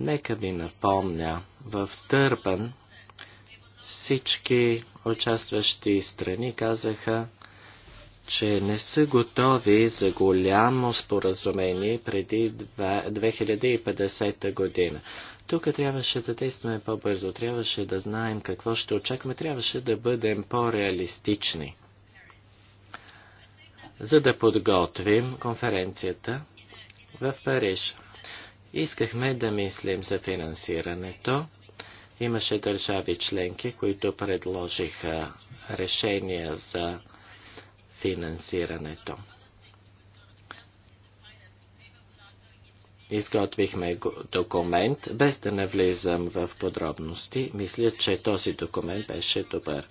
Нека ви напомня, в Търпен всички участващи страни казаха, че не са готови за голямо споразумение преди 2050 година. Тук трябваше да действаме по-бързо, трябваше да знаем какво ще очакваме, трябваше да бъдем по-реалистични, за да подготвим конференцията в Париж. Искахме да мислим за финансирането. Имаше държави членки, които предложиха решения за финансирането. Изготвихме документ, без да навлизам в подробности. Мисля, че този документ беше добър.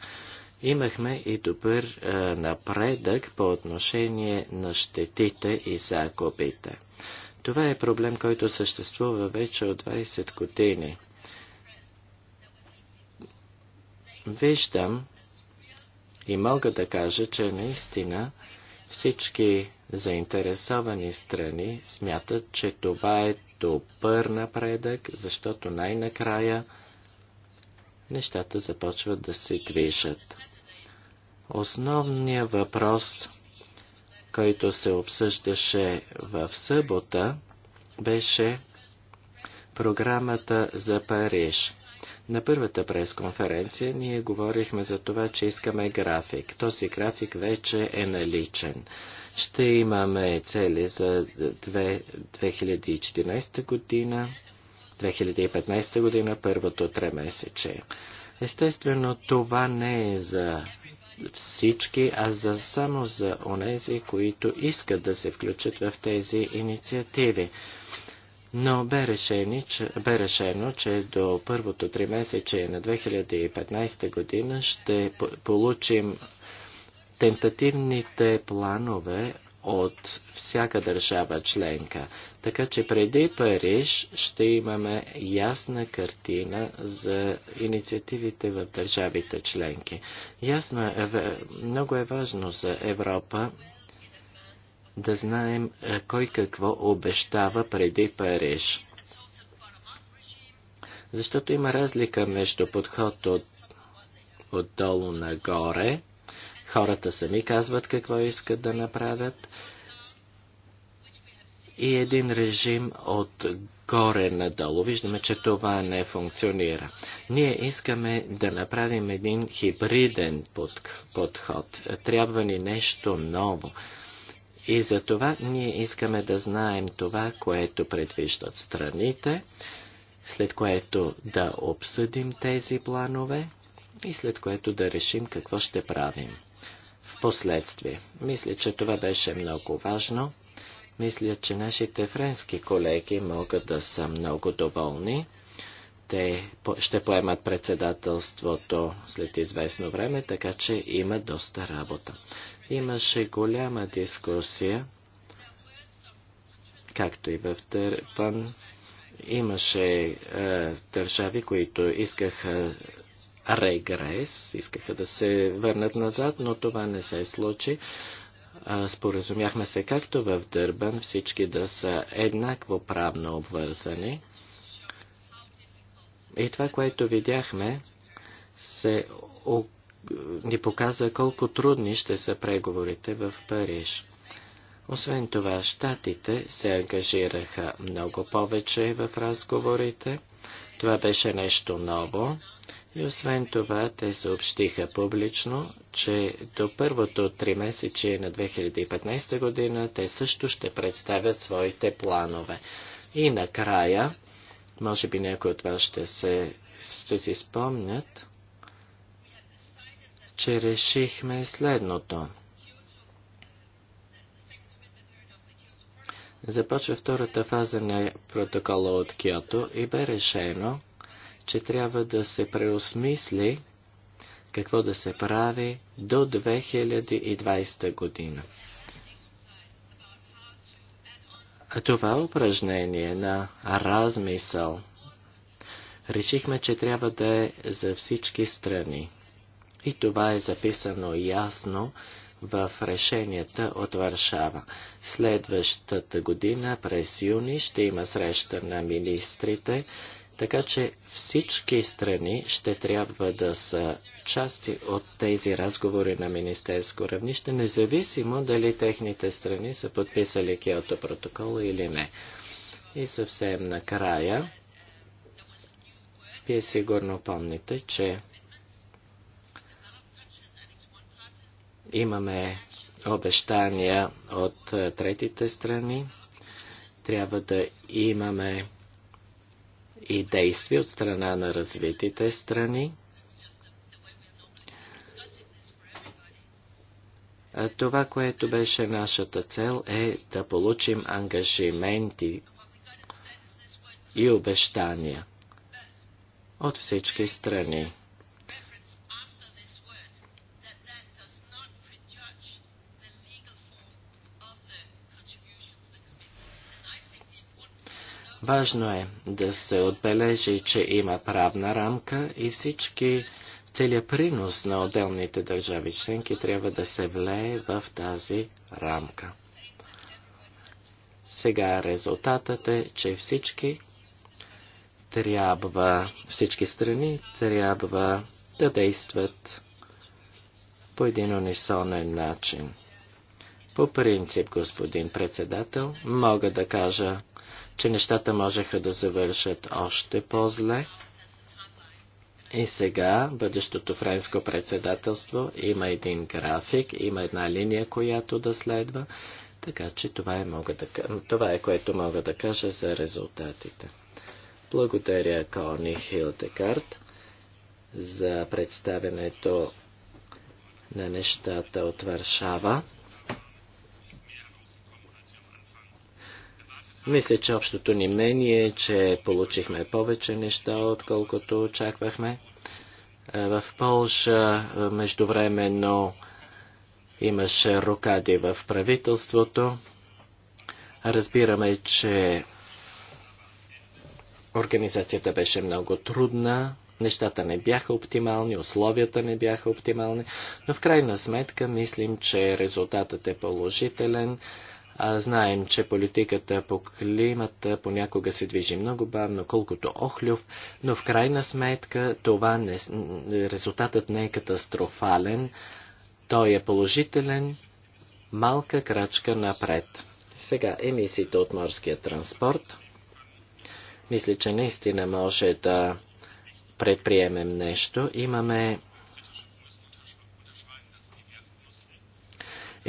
Имахме и добър е, напредък по отношение на щетите и загубите. Това е проблем, който съществува вече от 20 години. Виждам и мога да кажа, че наистина всички заинтересовани страни смятат, че това е добър напредък, защото най-накрая нещата започват да се движат. Основният въпрос който се обсъждаше в събота, беше програмата за Париж. На първата пресконференция ние говорихме за това, че искаме график. Този график вече е наличен. Ще имаме цели за 2014 година, 2015 година, първото тремесече. Естествено, това не е за всички, а за, само за онези, които искат да се включат в тези инициативи. Но бе, решени, че, бе решено, че до първото три месече на 2015 година ще получим тентативните планове от всяка държава членка. Така че преди Париж ще имаме ясна картина за инициативите в държавите членки. Ясно е, много е важно за Европа да знаем е, кой какво обещава преди Париж. Защото има разлика между подход от отдолу нагоре Хората сами казват какво искат да направят. И един режим от горе надолу. Виждаме, че това не функционира. Ние искаме да направим един хибриден подход. Трябва ни нещо ново. И за това ние искаме да знаем това, което предвиждат страните, след което да обсъдим тези планове и след което да решим какво ще правим последствие. Мисля, че това беше много важно. Мисля, че нашите френски колеги могат да са много доволни. Те ще поемат председателството след известно време, така че има доста работа. Имаше голяма дискусия, както и в Търпан. Имаше е, държави, които искаха регрес, искаха да се върнат назад, но това не се случи. Споразумяхме се както в Дърбан, всички да са еднакво правно обвързани. И това, което видяхме, се ни показа колко трудни ще са преговорите в Париж. Освен това, щатите се ангажираха много повече в разговорите. Това беше нещо ново. И освен това, те съобщиха публично, че до първото три месече на 2015 година те също ще представят своите планове. И накрая, може би някои от вас ще, се, ще си спомнят, че решихме следното. Започва втората фаза на протокола от Киото и бе решено, че трябва да се преосмисли какво да се прави до 2020 година. А това упражнение на размисъл решихме, че трябва да е за всички страни. И това е записано ясно в решенията от Варшава. Следващата година през юни ще има среща на министрите така че всички страни ще трябва да са части от тези разговори на министерско равнище, независимо дали техните страни са подписали Киото протокола или не. И съвсем накрая, вие сигурно помните, че имаме обещания от третите страни, трябва да имаме и действия от страна на развитите страни. А това, което беше нашата цел е да получим ангажименти и обещания от всички страни. Важно е да се отбележи, че има правна рамка и всички целият принос на отделните държави членки трябва да се влее в тази рамка. Сега резултатът е, че всички трябва, всички страни трябва да действат по един унисонен начин. По принцип, господин председател, мога да кажа, че нещата можеха да завършат още по-зле. И сега бъдещото френско председателство има един график, има една линия, която да следва, така че това е, мога да, това е което мога да кажа за резултатите. Благодаря Кони Хилдекарт за представенето на нещата от Варшава. Мисля, че общото ни мнение е, че получихме повече неща, отколкото очаквахме. Е, в Полша е, междувременно имаше рокади в правителството. Разбираме, че организацията беше много трудна, нещата не бяха оптимални, условията не бяха оптимални, но в крайна сметка мислим, че резултатът е положителен. А, знаем, че политиката по климата понякога се движи много бавно, колкото охлюв, но в крайна сметка това не, резултатът не е катастрофален. Той е положителен, малка крачка напред. Сега емисиите от морския транспорт. Мисля, че наистина може да предприемем нещо. Имаме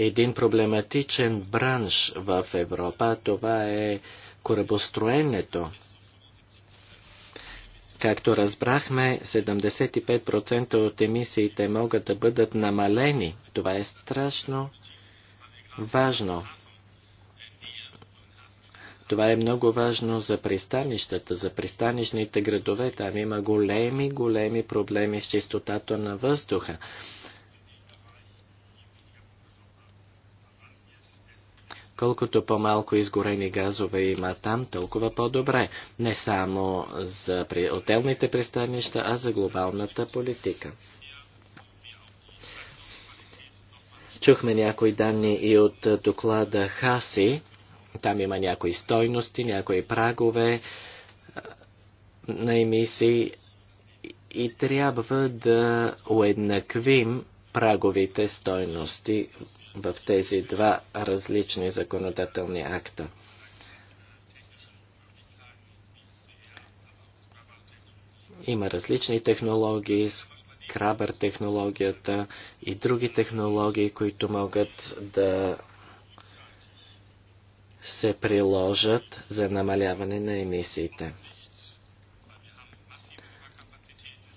един проблематичен бранш в Европа. Това е корабостроенето. Както разбрахме, 75% от емисиите могат да бъдат намалени. Това е страшно важно. Това е много важно за пристанищата, за пристанищните градове. Там има големи, големи проблеми с чистотата на въздуха. Колкото по-малко изгорени газове има там, толкова по-добре. Не само за отделните пристанища, а за глобалната политика. Чухме някои данни и от доклада Хаси. Там има някои стойности, някои прагове на емисии и трябва да уеднаквим праговите стойности в тези два различни законодателни акта. Има различни технологии, скрабър технологията и други технологии, които могат да се приложат за намаляване на емисиите.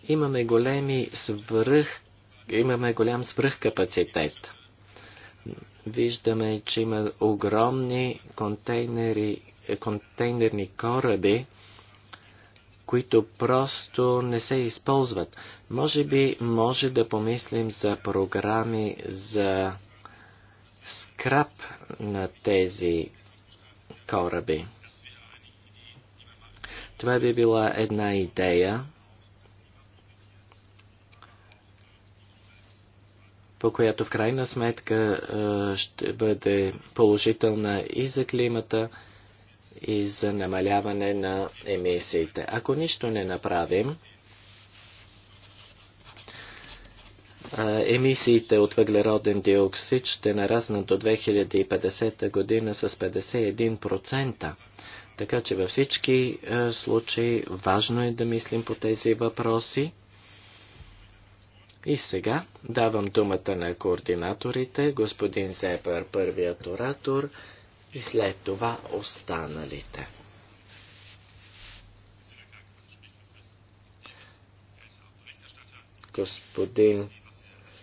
Имаме големи свръх, имаме голям свръхкапацитет. Виждаме, че има огромни контейнери, контейнерни кораби, които просто не се използват. Може би може да помислим за програми за скрап на тези кораби. Това би била една идея, по която в крайна сметка ще бъде положителна и за климата, и за намаляване на емисиите. Ако нищо не направим, емисиите от въглероден диоксид ще нараснат до 2050 година с 51%. Така че във всички случаи важно е да мислим по тези въпроси. И сега давам думата на координаторите, господин Зепер, първият оратор, и след това останалите. Господин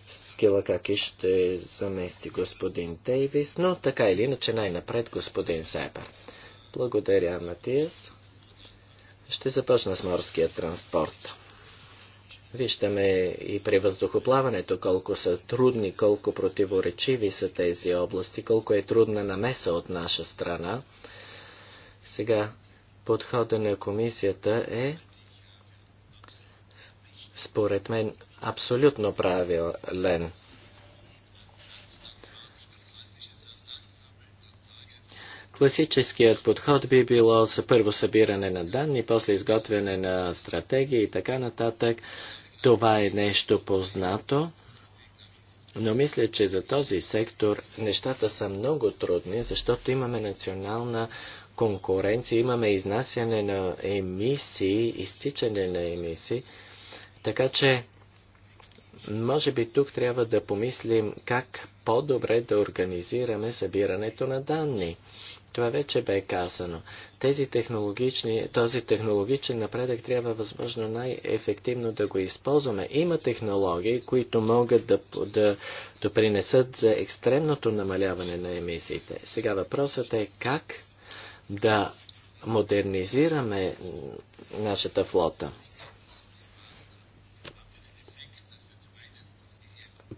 Скилакаки ще замести господин Дейвис, но така или иначе най-напред господин Зепер. Благодаря, Матиас. Ще започна с морския транспорт. Виждаме и при въздухоплаването колко са трудни, колко противоречиви са тези области, колко е трудна намеса от наша страна. Сега подхода на комисията е, според мен, абсолютно правилен. Класическият подход би било за първо събиране на данни, после изготвяне на стратегии и така нататък. Това е нещо познато, но мисля, че за този сектор нещата са много трудни, защото имаме национална конкуренция, имаме изнасяне на емисии, изтичане на емисии. Така че, може би тук трябва да помислим как по-добре да организираме събирането на данни. Това вече бе казано. Тези технологични, този технологичен напредък трябва възможно най-ефективно да го използваме. Има технологии, които могат да, да допринесат за екстремното намаляване на емисиите. Сега въпросът е как да модернизираме нашата флота.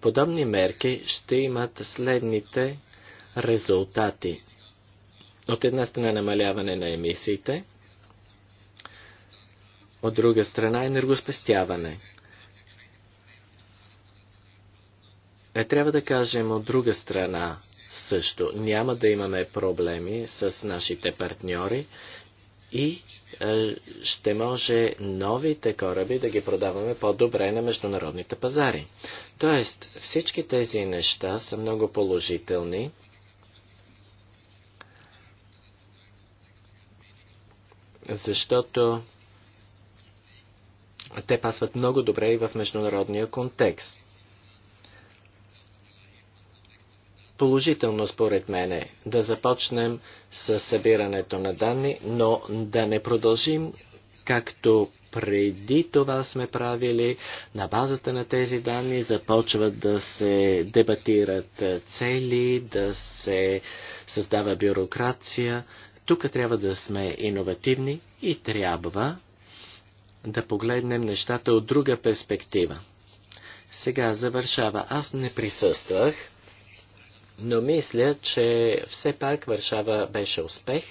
Подобни мерки ще имат следните резултати. От една страна намаляване на емисиите, от друга страна енергоспестяване. Е, трябва да кажем от друга страна също. Няма да имаме проблеми с нашите партньори и е, ще може новите кораби да ги продаваме по-добре на международните пазари. Тоест, всички тези неща са много положителни защото те пасват много добре и в международния контекст. Положително според мен е да започнем с събирането на данни, но да не продължим както преди това сме правили, на базата на тези данни започват да се дебатират цели, да се създава бюрокрация. Тук трябва да сме иновативни и трябва да погледнем нещата от друга перспектива. Сега завършава. Аз не присъствах, но мисля, че все пак Варшава беше успех.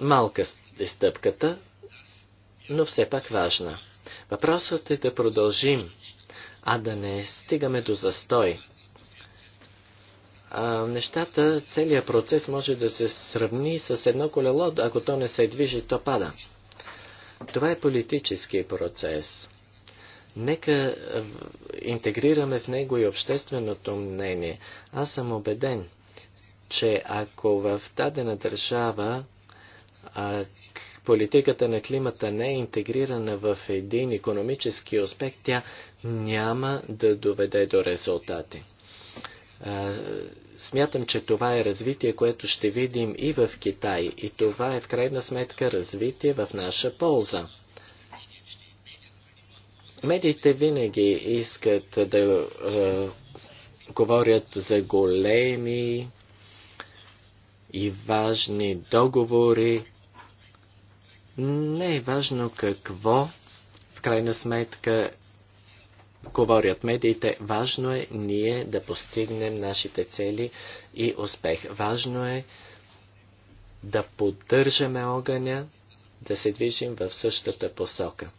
Малка е стъпката, но все пак важна. Въпросът е да продължим, а да не стигаме до застой а, нещата, целият процес може да се сравни с едно колело, ако то не се движи, то пада. Това е политически процес. Нека интегрираме в него и общественото мнение. Аз съм убеден, че ако в дадена държава а, политиката на климата не е интегрирана в един економически аспект, тя няма да доведе до резултати. Смятам, че това е развитие, което ще видим и в Китай. И това е в крайна сметка развитие в наша полза. Медиите винаги искат да е, говорят за големи и важни договори. Не е важно какво в крайна сметка говорят медиите, важно е ние да постигнем нашите цели и успех. Важно е да поддържаме огъня, да се движим в същата посока.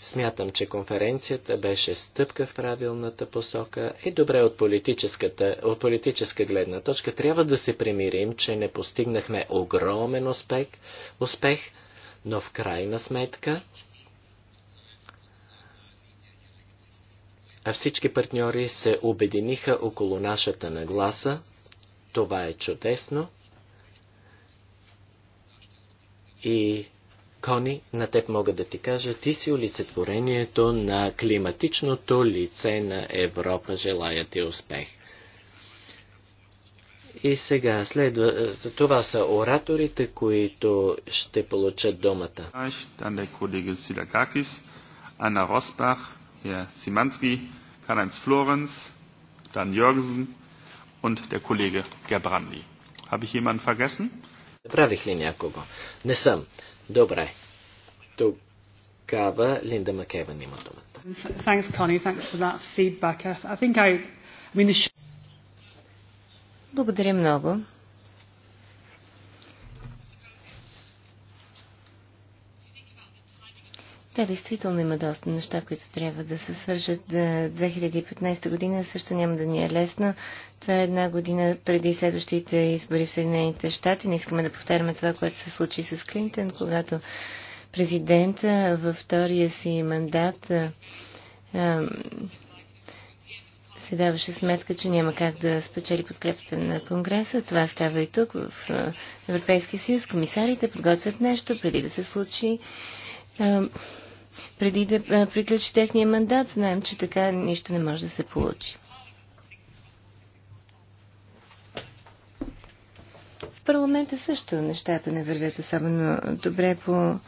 Смятам, че конференцията беше стъпка в правилната посока и добре от, политическата, от политическа гледна точка трябва да се примирим, че не постигнахме огромен успех, успех но в крайна сметка А всички партньори се обединиха около нашата нагласа. Това е чудесно. И Кони, на теб мога да ти кажа, ти си олицетворението на климатичното лице на Европа. Желая ти успех! И сега следва, това са ораторите, които ще получат думата. Е Росбах, Herr Simanski, Karl-Heinz Florenz, dann Jörgensen und der Kollege Gerbrandi. Habe ich jemanden vergessen? Правих ли някого? Не съм. Добре. Тогава Линда Макеван има думата. Thanks, Connie. Thanks for that feedback. I think I... I mean, the... Благодаря много. Да, действително има доста неща, които трябва да се свържат. 2015 година също няма да ни е лесно. Това е една година преди следващите избори в Съединените щати. Не искаме да повтаряме това, което се случи с Клинтон, когато президента във втория си мандат се даваше сметка, че няма как да спечели подкрепата на Конгреса. Това става и тук в Европейския съюз. Комисарите подготвят нещо преди да се случи преди да приключи техния мандат. Знаем, че така нищо не може да се получи. В парламента също нещата не вървят особено добре по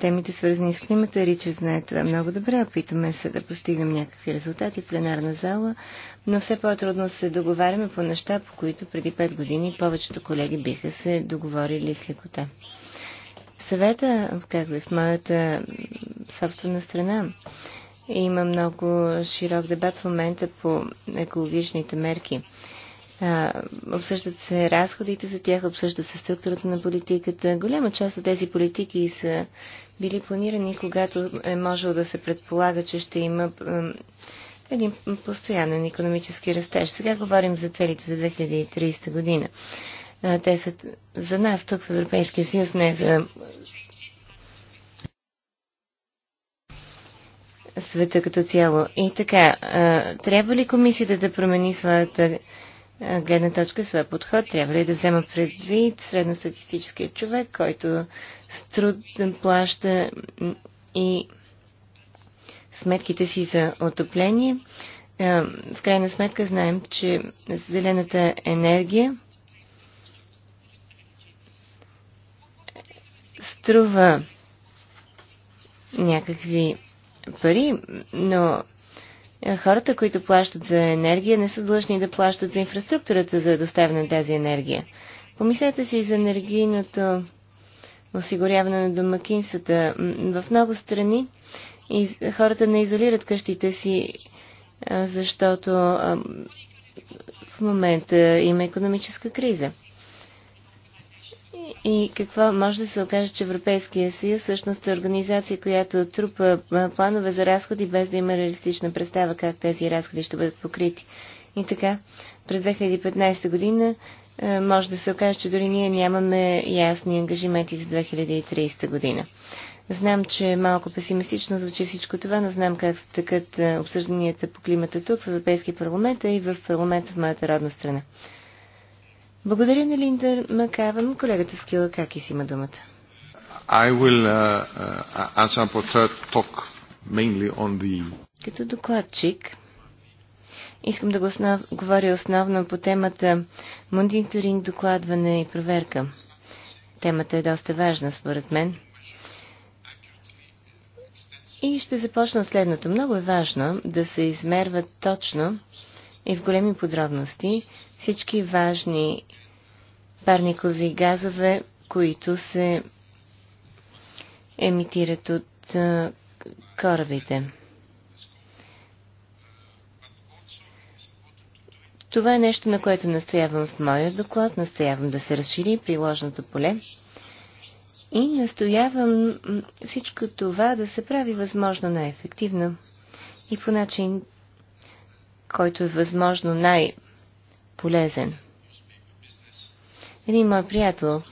темите свързани с климата. Ричард знае това много добре. Опитваме се да постигнем някакви резултати в пленарна зала, но все по-трудно се договаряме по неща, по които преди 5 години повечето колеги биха се договорили с лекота в съвета, както и в моята собствена страна. Има много широк дебат в момента по екологичните мерки. А, обсъждат се разходите за тях, обсъжда се структурата на политиката. Голяма част от тези политики са били планирани, когато е можело да се предполага, че ще има един постоянен економически растеж. Сега говорим за целите за 2030 година. Те са за нас тук в Европейския съюз, не за света като цяло. И така, трябва ли комисията да промени своята гледна точка, своя подход? Трябва ли да взема предвид средностатистическия човек, който с труд плаща и сметките си за отопление? В крайна сметка знаем, че зелената енергия струва някакви пари, но е, хората, които плащат за енергия, не са длъжни да плащат за инфраструктурата за доставяне на тази енергия. Помислете си за енергийното осигуряване на домакинствата. В много страни хората не изолират къщите си, е, защото в момента има економическа криза и какво може да се окаже, че Европейския съюз всъщност е организация, която трупа планове за разходи, без да има реалистична представа как тези разходи ще бъдат покрити. И така, през 2015 година може да се окаже, че дори ние нямаме ясни ангажименти за 2030 година. Знам, че е малко песимистично звучи всичко това, но знам как се тъкат обсъжданията по климата тук в Европейския парламент, и в парламента в моята родна страна. Благодаря на Линда Макаван. Колегата Скила Какис има думата. I will, uh, uh, as rapporteur, talk mainly on the... Като докладчик, искам да го основ... говоря основно по темата мониторинг, докладване и проверка. Темата е доста важна, според мен. И ще започна следното. Много е важно да се измерват точно и в големи подробности всички важни парникови газове, които се емитират от корабите. Това е нещо, на което настоявам в моя доклад, настоявам да се разшири приложното поле и настоявам всичко това да се прави възможно най-ефективно и по начин, който е възможно най-полезен. Един мой приятел,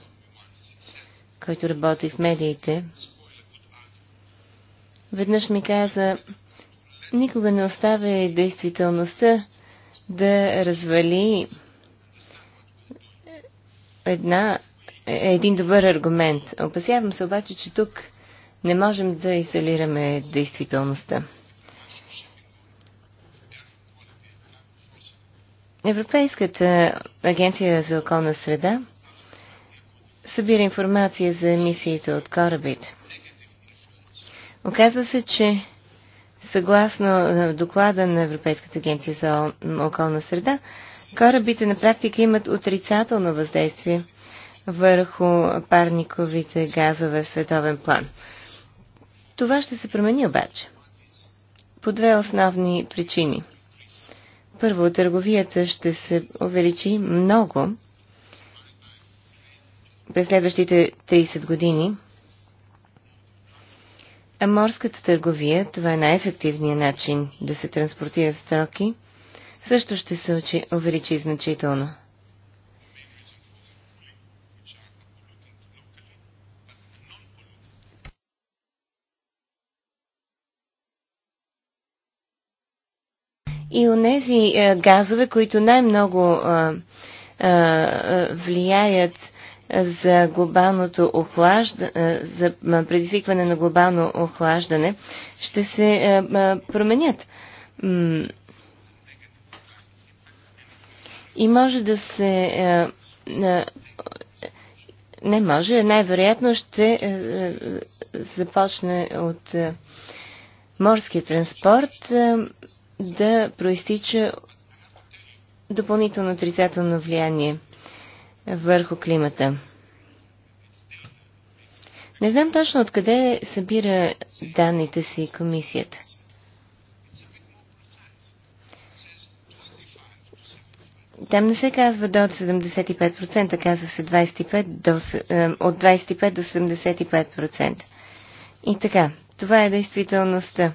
който работи в медиите, веднъж ми каза, никога не оставя действителността да развали една, е, един добър аргумент. Опасявам се обаче, че тук не можем да изолираме действителността. Европейската агенция за околна среда събира информация за емисиите от корабите. Оказва се, че съгласно доклада на Европейската агенция за околна среда, корабите на практика имат отрицателно въздействие върху парниковите газове в световен план. Това ще се промени обаче. По две основни причини. Първо, търговията ще се увеличи много през следващите 30 години. А морската търговия, това е най-ефективният начин да се транспортират строки, също ще се увеличи значително. и онези е, газове, които най-много е, е, влияят за глобалното охлаждане, за предизвикване на глобално охлаждане, ще се променят. И може да се. Не може, най-вероятно ще започне от морския транспорт да проистича допълнително отрицателно влияние върху климата. Не знам точно откъде събира данните си комисията. Там не се казва до 75%, казва се 25 до, е, от 25 до 75%. И така, това е действителността.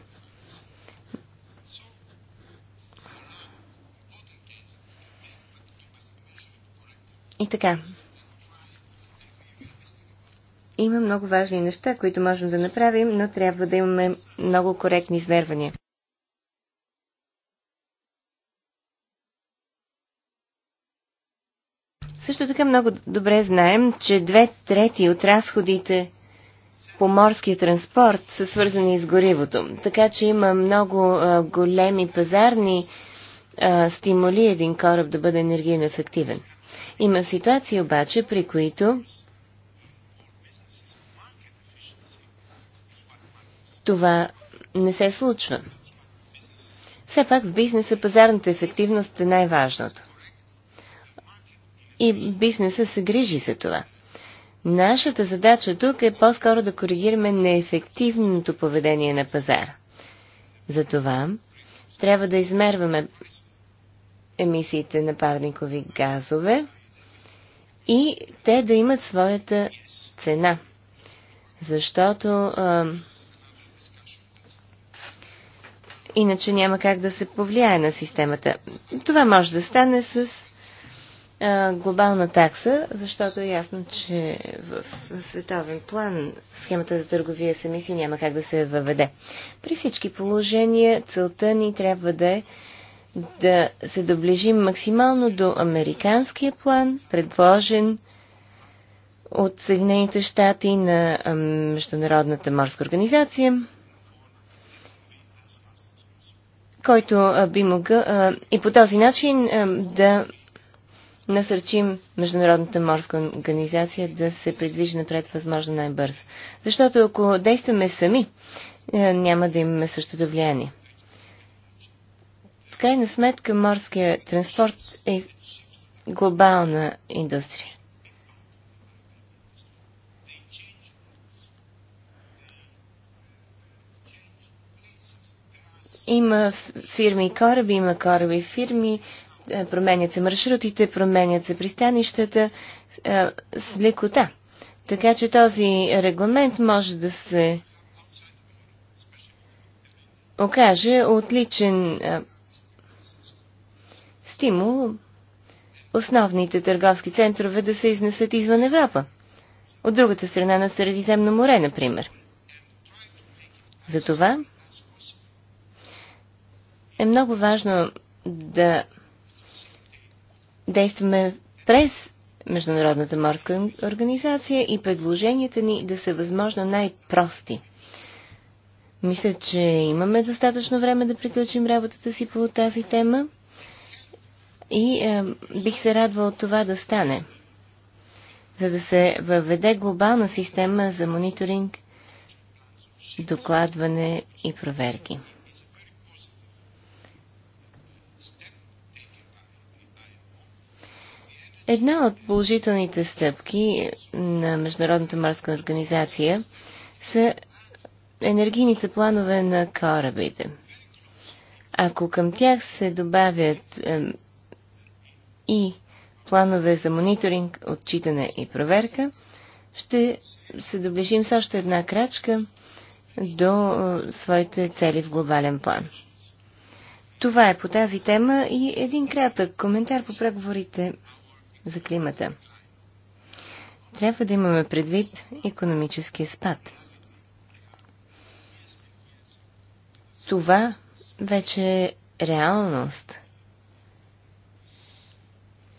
И така. Има много важни неща, които можем да направим, но трябва да имаме много коректни измервания. Също така много добре знаем, че две трети от разходите по морския транспорт са свързани с горивото. Така че има много а, големи пазарни а, стимули един кораб да бъде енергийно ефективен. Има ситуации обаче, при които това не се случва. Все пак в бизнеса пазарната ефективност е най-важното. И бизнеса се грижи за това. Нашата задача тук е по-скоро да коригираме неефективното поведение на пазара. Затова трябва да измерваме емисиите на парникови газове и те да имат своята цена. Защото а, иначе няма как да се повлияе на системата. Това може да стане с а, глобална такса, защото е ясно, че в, световен план схемата за търговия с емисии няма как да се въведе. При всички положения целта ни трябва да е да се доближим максимално до американския план, предложен от Съединените щати на Международната морска организация, който би могъл и по този начин да насърчим Международната морска организация да се придвижи напред възможно най-бързо. Защото ако действаме сами, няма да имаме същото влияние. В крайна сметка морския транспорт е глобална индустрия. Има фирми и кораби, има кораби и фирми, е, променят се маршрутите, променят се пристанищата е, с лекота. Така че този регламент може да се окаже отличен а, е, стимул основните търговски центрове да се изнесат извън Европа. От другата страна на Средиземно море, например. Затова е много важно да действаме през Международната морска организация и предложенията ни да са възможно най-прости. Мисля, че имаме достатъчно време да приключим работата си по тази тема. И е, бих се радвал това да стане, за да се въведе глобална система за мониторинг, докладване и проверки. Една от положителните стъпки на Международната морска организация са енергийните планове на корабите. Ако към тях се добавят е, и планове за мониторинг, отчитане и проверка, ще се доближим с още една крачка до е, своите цели в глобален план. Това е по тази тема и един кратък коментар по преговорите за климата. Трябва да имаме предвид економическия спад. Това вече е реалност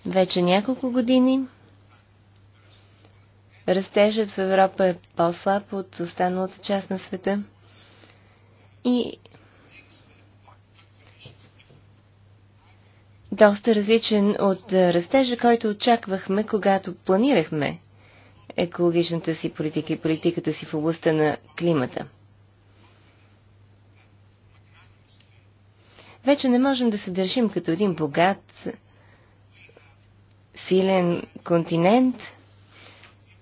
вече няколко години. Растежът в Европа е по-слаб от останалата част на света. И доста различен от растежа, който очаквахме, когато планирахме екологичната си политика и политиката си в областта на климата. Вече не можем да се държим като един богат силен континент,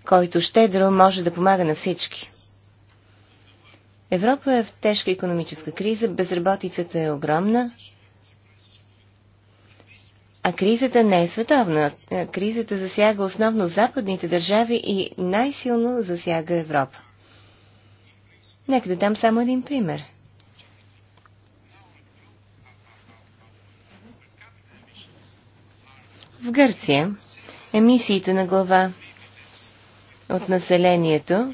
който щедро може да помага на всички. Европа е в тежка економическа криза, безработицата е огромна, а кризата не е световна. Кризата засяга основно западните държави и най-силно засяга Европа. Нека да дам само един пример – В Гърция емисиите на глава от населението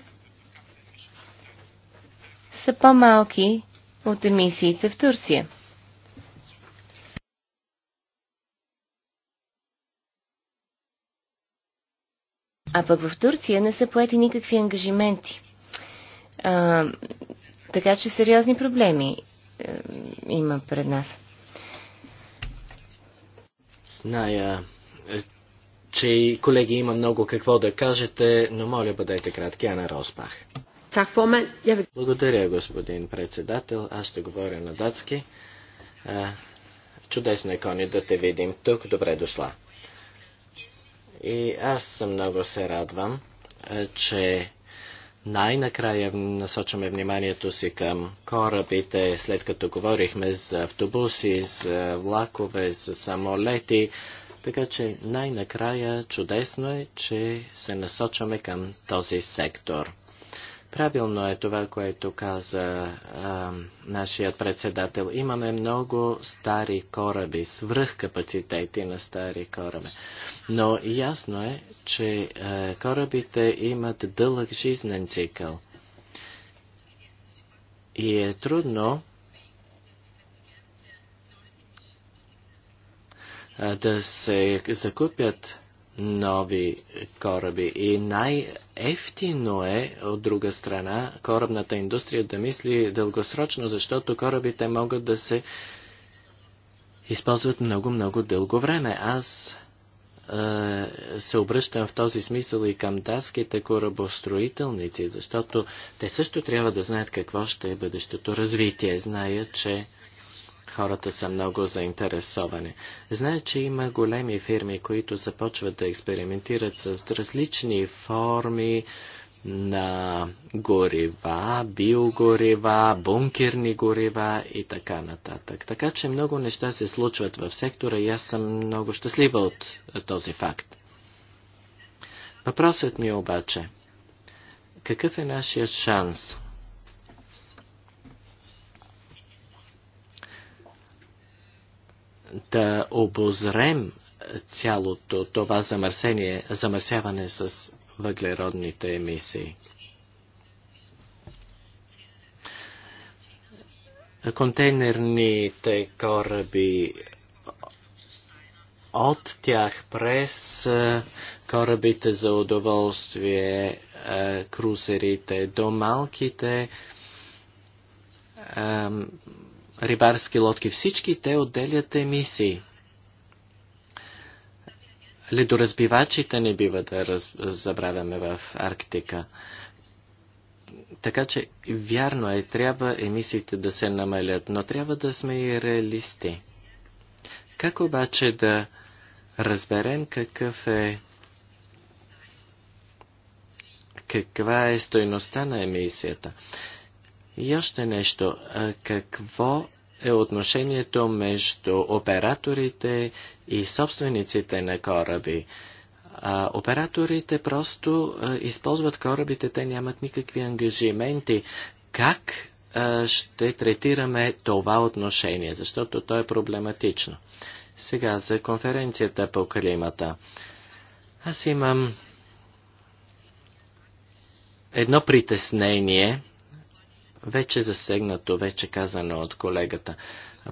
са по-малки от емисиите в Турция. А пък в Турция не са поети никакви ангажименти. А, така че сериозни проблеми а, е, има пред нас. Зная че колеги има много какво да кажете, но моля бъдете кратки, Ана Росбах. Благодаря, господин председател. Аз ще говоря на датски. Чудесно е, Кони, да те видим тук. Добре дошла. И аз съм много се радвам, че най-накрая насочваме вниманието си към корабите, след като говорихме за автобуси, за влакове, за самолети. Така че най-накрая чудесно е, че се насочваме към този сектор. Правилно е това, което каза а, нашият председател. Имаме много стари кораби, свръхкапацитети на стари кораби. Но ясно е, че а, корабите имат дълъг жизнен цикъл. И е трудно да се закупят нови кораби. И най-ефтино е, от друга страна, корабната индустрия да мисли дългосрочно, защото корабите могат да се използват много-много дълго време. Аз се обръщам в този смисъл и към датските корабостроителници, защото те също трябва да знаят какво ще е бъдещето развитие. Знаят, че Хората са много заинтересовани. Знае, че има големи фирми, които започват да експериментират с различни форми на горива, биогорива, бункерни горива и така нататък. Така че много неща се случват в сектора и аз съм много щастлива от този факт. Въпросът ми е обаче, какъв е нашия шанс – да обозрем цялото това замърсение, замърсяване с въглеродните емисии. Контейнерните кораби от тях през корабите за удоволствие, крузерите до малките рибарски лодки. Всички те отделят емисии. Ледоразбивачите не бива да раз... забравяме в Арктика. Така че, вярно е, трябва емисиите да се намалят, но трябва да сме и реалисти. Как обаче да разберем какъв е каква е стойността на емисията? И още нещо. Какво е отношението между операторите и собствениците на кораби? А, операторите просто а, използват корабите, те нямат никакви ангажименти. Как а, ще третираме това отношение? Защото то е проблематично. Сега за конференцията по климата. Аз имам едно притеснение – вече засегнато, вече казано от колегата.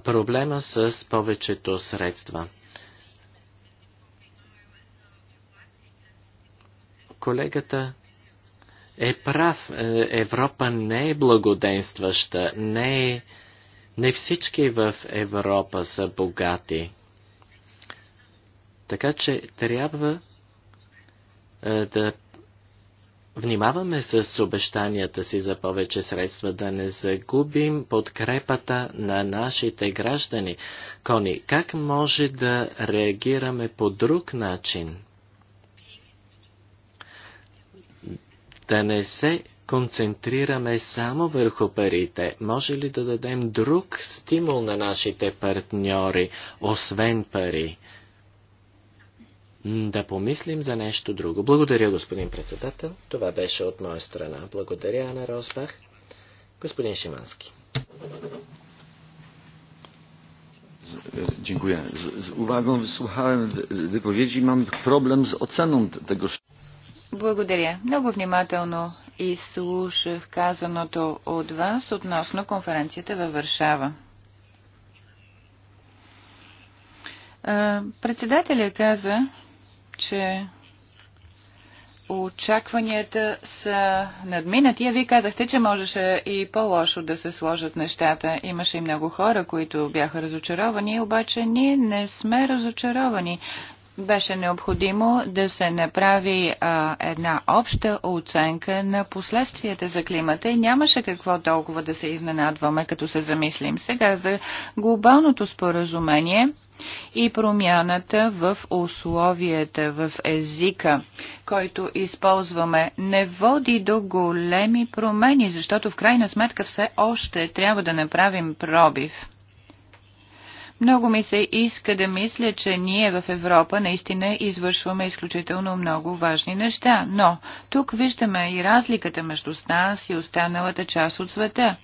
Проблема с повечето средства. Колегата е прав. Е, Европа не е благоденстваща, не е... Не всички в Европа са богати. Така че трябва е, да внимаваме с обещанията си за повече средства, да не загубим подкрепата на нашите граждани. Кони, как може да реагираме по друг начин? Да не се концентрираме само върху парите, може ли да дадем друг стимул на нашите партньори, освен пари? да помислим за нещо друго. Благодаря, господин председател. Това беше от моя страна. Благодаря, Ана Росбах. Господин Шимански. Dziękuję. Z, z uwagą wysłuchałem wypowiedzi i mam problem z oceną tego. Благодаря. Много внимателно изслушах казаното от вас относно конференцията във Варшава. Е, Председателя каза, че очакванията са надминати. А вие казахте, че можеше и по-лошо да се сложат нещата. Имаше и много хора, които бяха разочаровани, обаче ние не сме разочаровани беше необходимо да се направи а, една обща оценка на последствията за климата и нямаше какво толкова да се изненадваме, като се замислим сега за глобалното споразумение и промяната в условията, в езика, който използваме, не води до големи промени, защото в крайна сметка все още трябва да направим пробив много ми се иска да мисля, че ние в Европа наистина извършваме изключително много важни неща, но тук виждаме и разликата между нас и останалата част от света.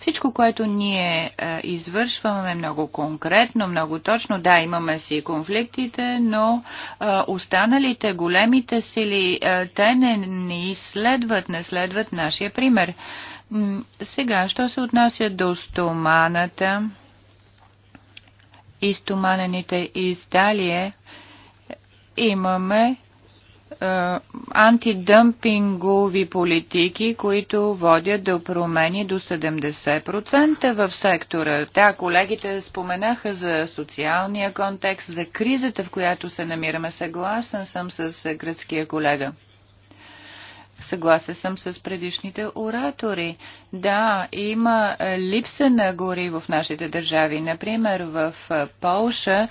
Всичко, което ние е, извършваме много конкретно, много точно, да, имаме си конфликтите, но е, останалите, големите сили, е, те не ни следват, не следват нашия пример. Сега, що се отнася до стоманата? и стоманените изделия имаме е, антидъмпингови политики, които водят до промени до 70% в сектора. Та колегите споменаха за социалния контекст, за кризата, в която се намираме. Съгласен съм с е, гръцкия колега. Съгласен съм с предишните оратори. Да, има липса на гори в нашите държави. Например, в Полша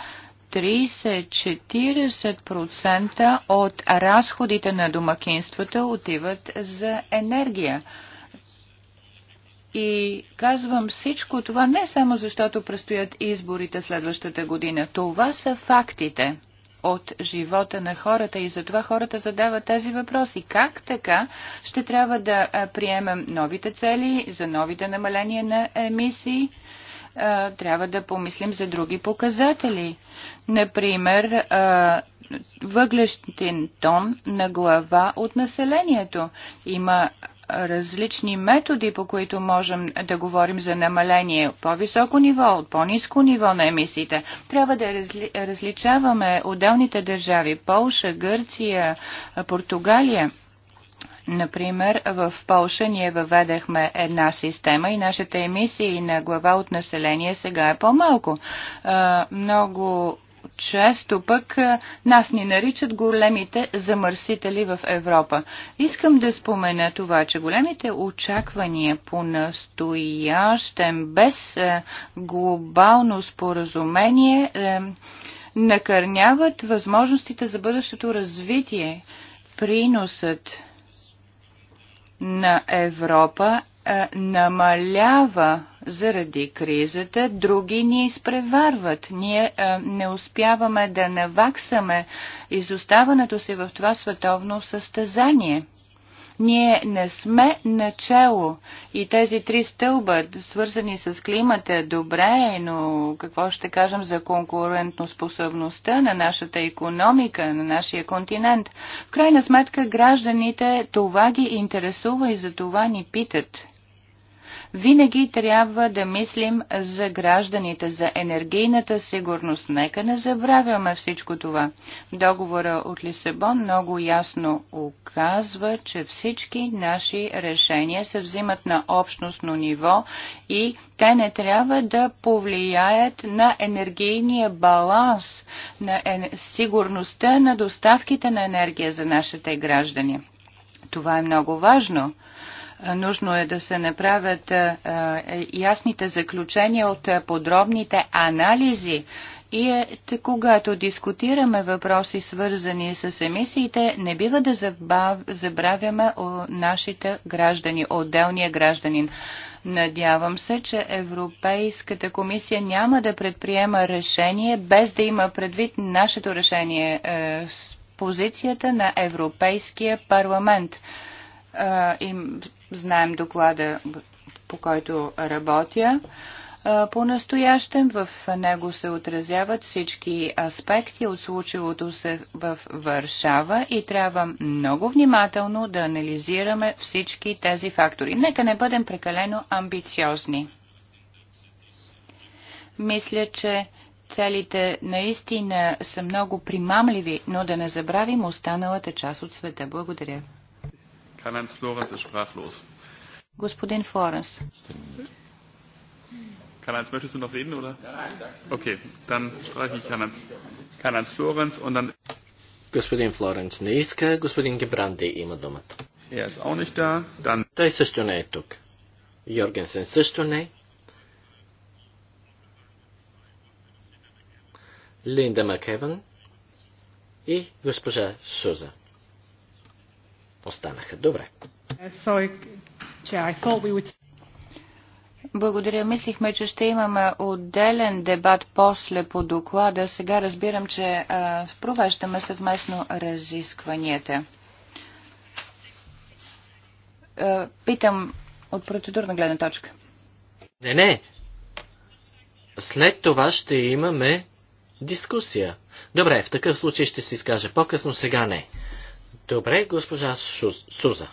30-40% от разходите на домакинствата отиват за енергия. И казвам всичко това не само защото предстоят изборите следващата година. Това са фактите от живота на хората и затова хората задават тези въпроси. Как така ще трябва да приемем новите цели за новите намаления на емисии? Трябва да помислим за други показатели. Например, въглещен тон на глава от населението. Има различни методи, по които можем да говорим за намаление от по-високо ниво, от по-низко ниво на емисиите. Трябва да разли, различаваме отделните държави Полша, Гърция, Португалия. Например, в Полша ние въведахме една система и нашите емисии на глава от население сега е по-малко. Много често пък е, нас ни наричат големите замърсители в Европа. Искам да спомена това, че големите очаквания по настоящем без е, глобално споразумение е, накърняват възможностите за бъдещето развитие. Приносът на Европа намалява заради кризата, други ни изпреварват. Ние а, е, не успяваме да наваксаме изоставането си в това световно състезание. Ние не сме начало и тези три стълба, свързани с климата, добре, но какво ще кажем за конкурентоспособността на нашата економика, на нашия континент? В крайна сметка гражданите това ги интересува и за това ни питат – винаги трябва да мислим за гражданите, за енергийната сигурност. Нека не забравяме всичко това. Договора от Лисабон много ясно указва, че всички наши решения се взимат на общностно ниво и те не трябва да повлияят на енергийния баланс, на е... сигурността на доставките на енергия за нашите граждани. Това е много важно. Нужно е да се направят ясните заключения от подробните анализи и е, когато дискутираме въпроси свързани с емисиите, не бива да забав, забравяме о нашите граждани, отделния гражданин. Надявам се, че Европейската комисия няма да предприема решение без да има предвид нашето решение е, с позицията на Европейския парламент им знаем доклада, по който работя. По-настоящем в него се отразяват всички аспекти от случилото се в Варшава и трябва много внимателно да анализираме всички тези фактори. Нека не бъдем прекалено амбициозни. Мисля, че целите наистина са много примамливи, но да не забравим останалата част от света. Благодаря. Karl-Heinz Florenz ist sprachlos. Господин Флоренс. Karl-Heinz, möchtest du noch reden, oder? Nein, danke. Okay, dann streiche ich Karl-Heinz Karl Florenz und dann... Господин Флоренц не иска, господин Гебранди има думата. Er ist auch nicht da, dann... Той също не е тук. Йоргенсен също не. Линда Макеван и госпожа Суза. Останаха. Добре. Благодаря. Мислихме, че ще имаме отделен дебат после по доклада. Сега разбирам, че а, провеждаме съвместно разискванията. А, питам от процедурна гледна точка. Не, не. След това ще имаме дискусия. Добре, в такъв случай ще се изкаже по-късно, сега не. Добре, госпожа Шуз, Суза.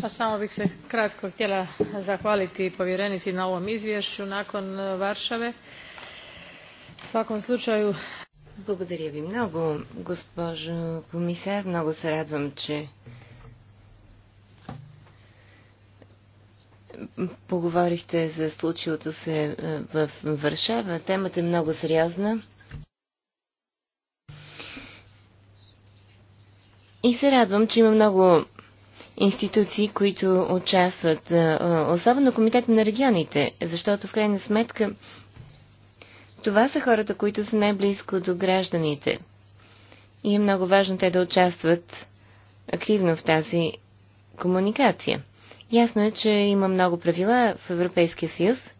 Pa samo bih se kratko htjela zahvaliti povjerenici na ovom izvješću nakon e, Varšave. U svakom slučaju... Благодаря ви много, госпожо комисар. Много се радвам, че поговорихте за случилото се е, в Варшава. Темата е много сериозна. И се радвам, че има много институции, които участват, особено Комитета на регионите, защото в крайна сметка това са хората, които са най-близко до гражданите. И е много важно те да участват активно в тази комуникация. Ясно е, че има много правила в Европейския съюз.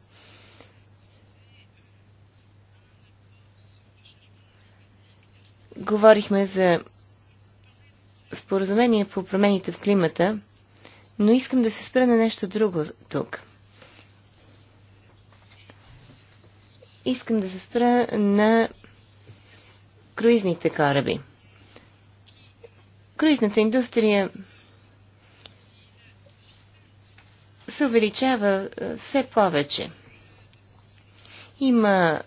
Говорихме за споразумение по промените в климата, но искам да се спра на нещо друго тук. Искам да се спра на круизните кораби. Круизната индустрия се увеличава е, все повече. Има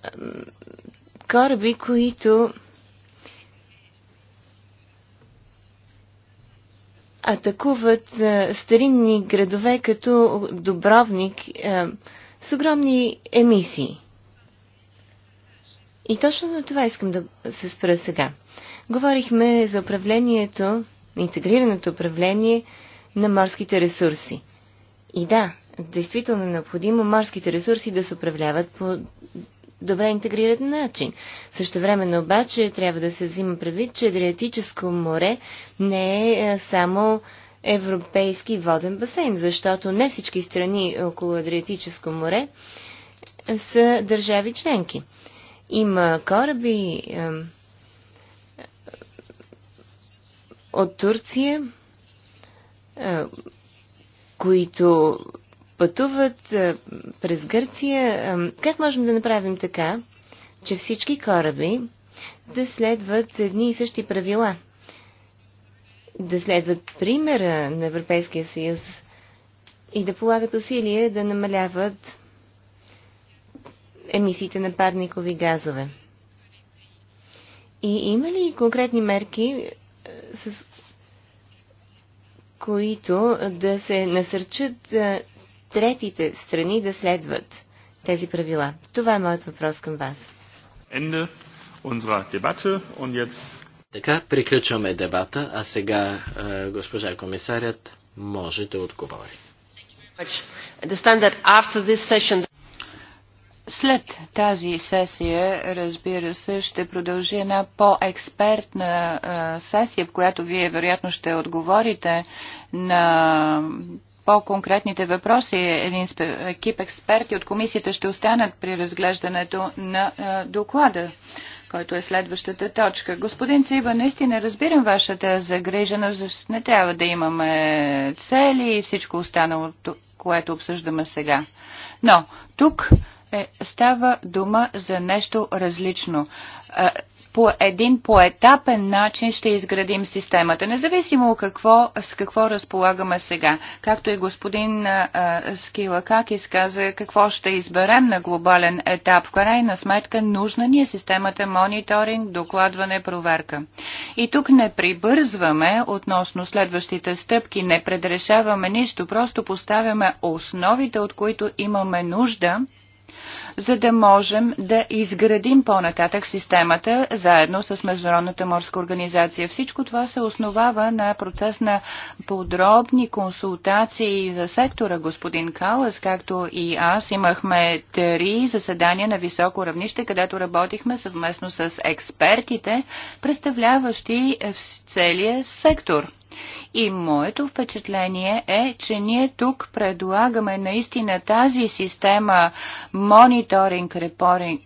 кораби, които атакуват а, старинни градове като Добровник а, с огромни емисии. И точно на това искам да се спра сега. Говорихме за управлението, интегрираното управление на морските ресурси. И да, действително е необходимо морските ресурси да се управляват по добре интегрират начин. Също време обаче трябва да се взима предвид, че Адриатическо море не е, е само европейски воден басейн, защото не всички страни около Адриатическо море е, са държави членки. Има кораби е, от Турция, които пътуват през Гърция. Как можем да направим така, че всички кораби да следват едни и същи правила? Да следват примера на Европейския съюз и да полагат усилия да намаляват емисиите на парникови газове. И има ли конкретни мерки, с които да се насърчат третите страни да следват тези правила. Това е моят въпрос към вас. Така приключваме дебата, а сега е, госпожа комисарят може да отговори. След тази сесия, разбира се, ще продължи една по-експертна е, сесия, в която вие вероятно ще отговорите на по-конкретните въпроси, един екип експерти от комисията ще останат при разглеждането на е, доклада който е следващата точка. Господин Циба, наистина разбирам вашата загриженост. Не трябва да имаме цели и всичко останало, което обсъждаме сега. Но тук е, става дума за нещо различно. Е, по един поетапен начин ще изградим системата, независимо какво, с какво разполагаме сега. Както и господин Скила как изказа, какво ще изберем на глобален етап. В крайна сметка нужна ни е системата мониторинг, докладване, проверка. И тук не прибързваме относно следващите стъпки, не предрешаваме нищо, просто поставяме основите, от които имаме нужда за да можем да изградим по-нататък системата заедно с Международната морска организация. Всичко това се основава на процес на подробни консултации за сектора. Господин Калас, както и аз, имахме три заседания на високо равнище, където работихме съвместно с експертите, представляващи в целия сектор. И моето впечатление е, че ние тук предлагаме наистина тази система мониторинг, репоринг,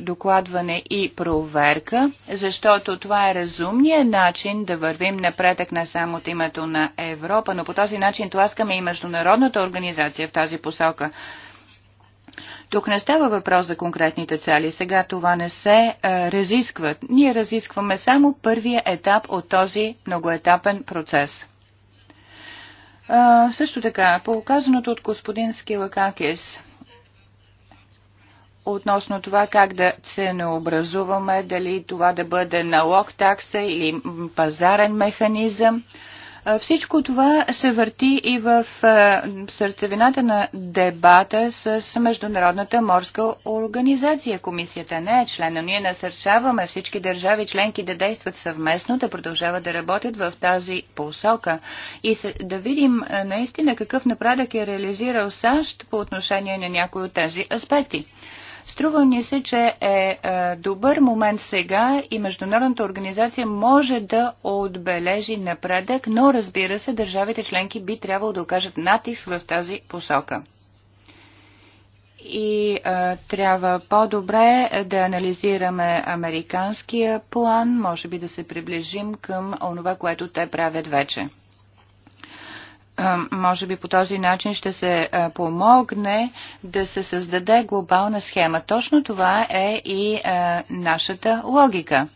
докладване и проверка, защото това е разумният начин да вървим напредък на само от името на Европа, но по този начин тласкаме и международната организация в тази посока. Тук не става въпрос за конкретните цели. Сега това не се а, е, разисква. Ние разискваме само първия етап от този многоетапен процес. А, също така, по оказаното от господин Скилакакис относно това как да ценообразуваме, дали това да бъде налог, такса или пазарен механизъм, всичко това се върти и в сърцевината на дебата с Международната морска организация. Комисията не е член, но ние насърчаваме всички държави членки да действат съвместно, да продължават да работят в тази посока и да видим наистина какъв напредък е реализирал САЩ по отношение на някои от тези аспекти. Струва ни се, че е, е добър момент сега и Международната организация може да отбележи напредък, но разбира се, държавите членки би трябвало да окажат натиск в тази посока и е, трябва по-добре да анализираме американския план, може би да се приближим към онова, което те правят вече може би по този начин ще се помогне да се създаде глобална схема. Точно това е и нашата логика.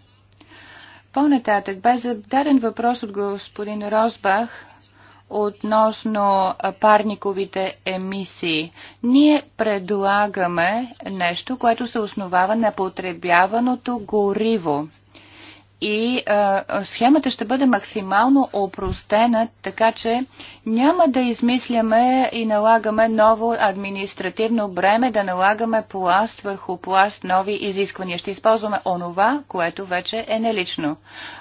По-нататък бе зададен въпрос от господин Розбах относно парниковите емисии. Ние предлагаме нещо, което се основава на потребяваното гориво и а, схемата ще бъде максимално опростена, така че няма да измисляме и налагаме ново административно бреме, да налагаме пласт върху пласт нови изисквания. Ще използваме онова, което вече е налично.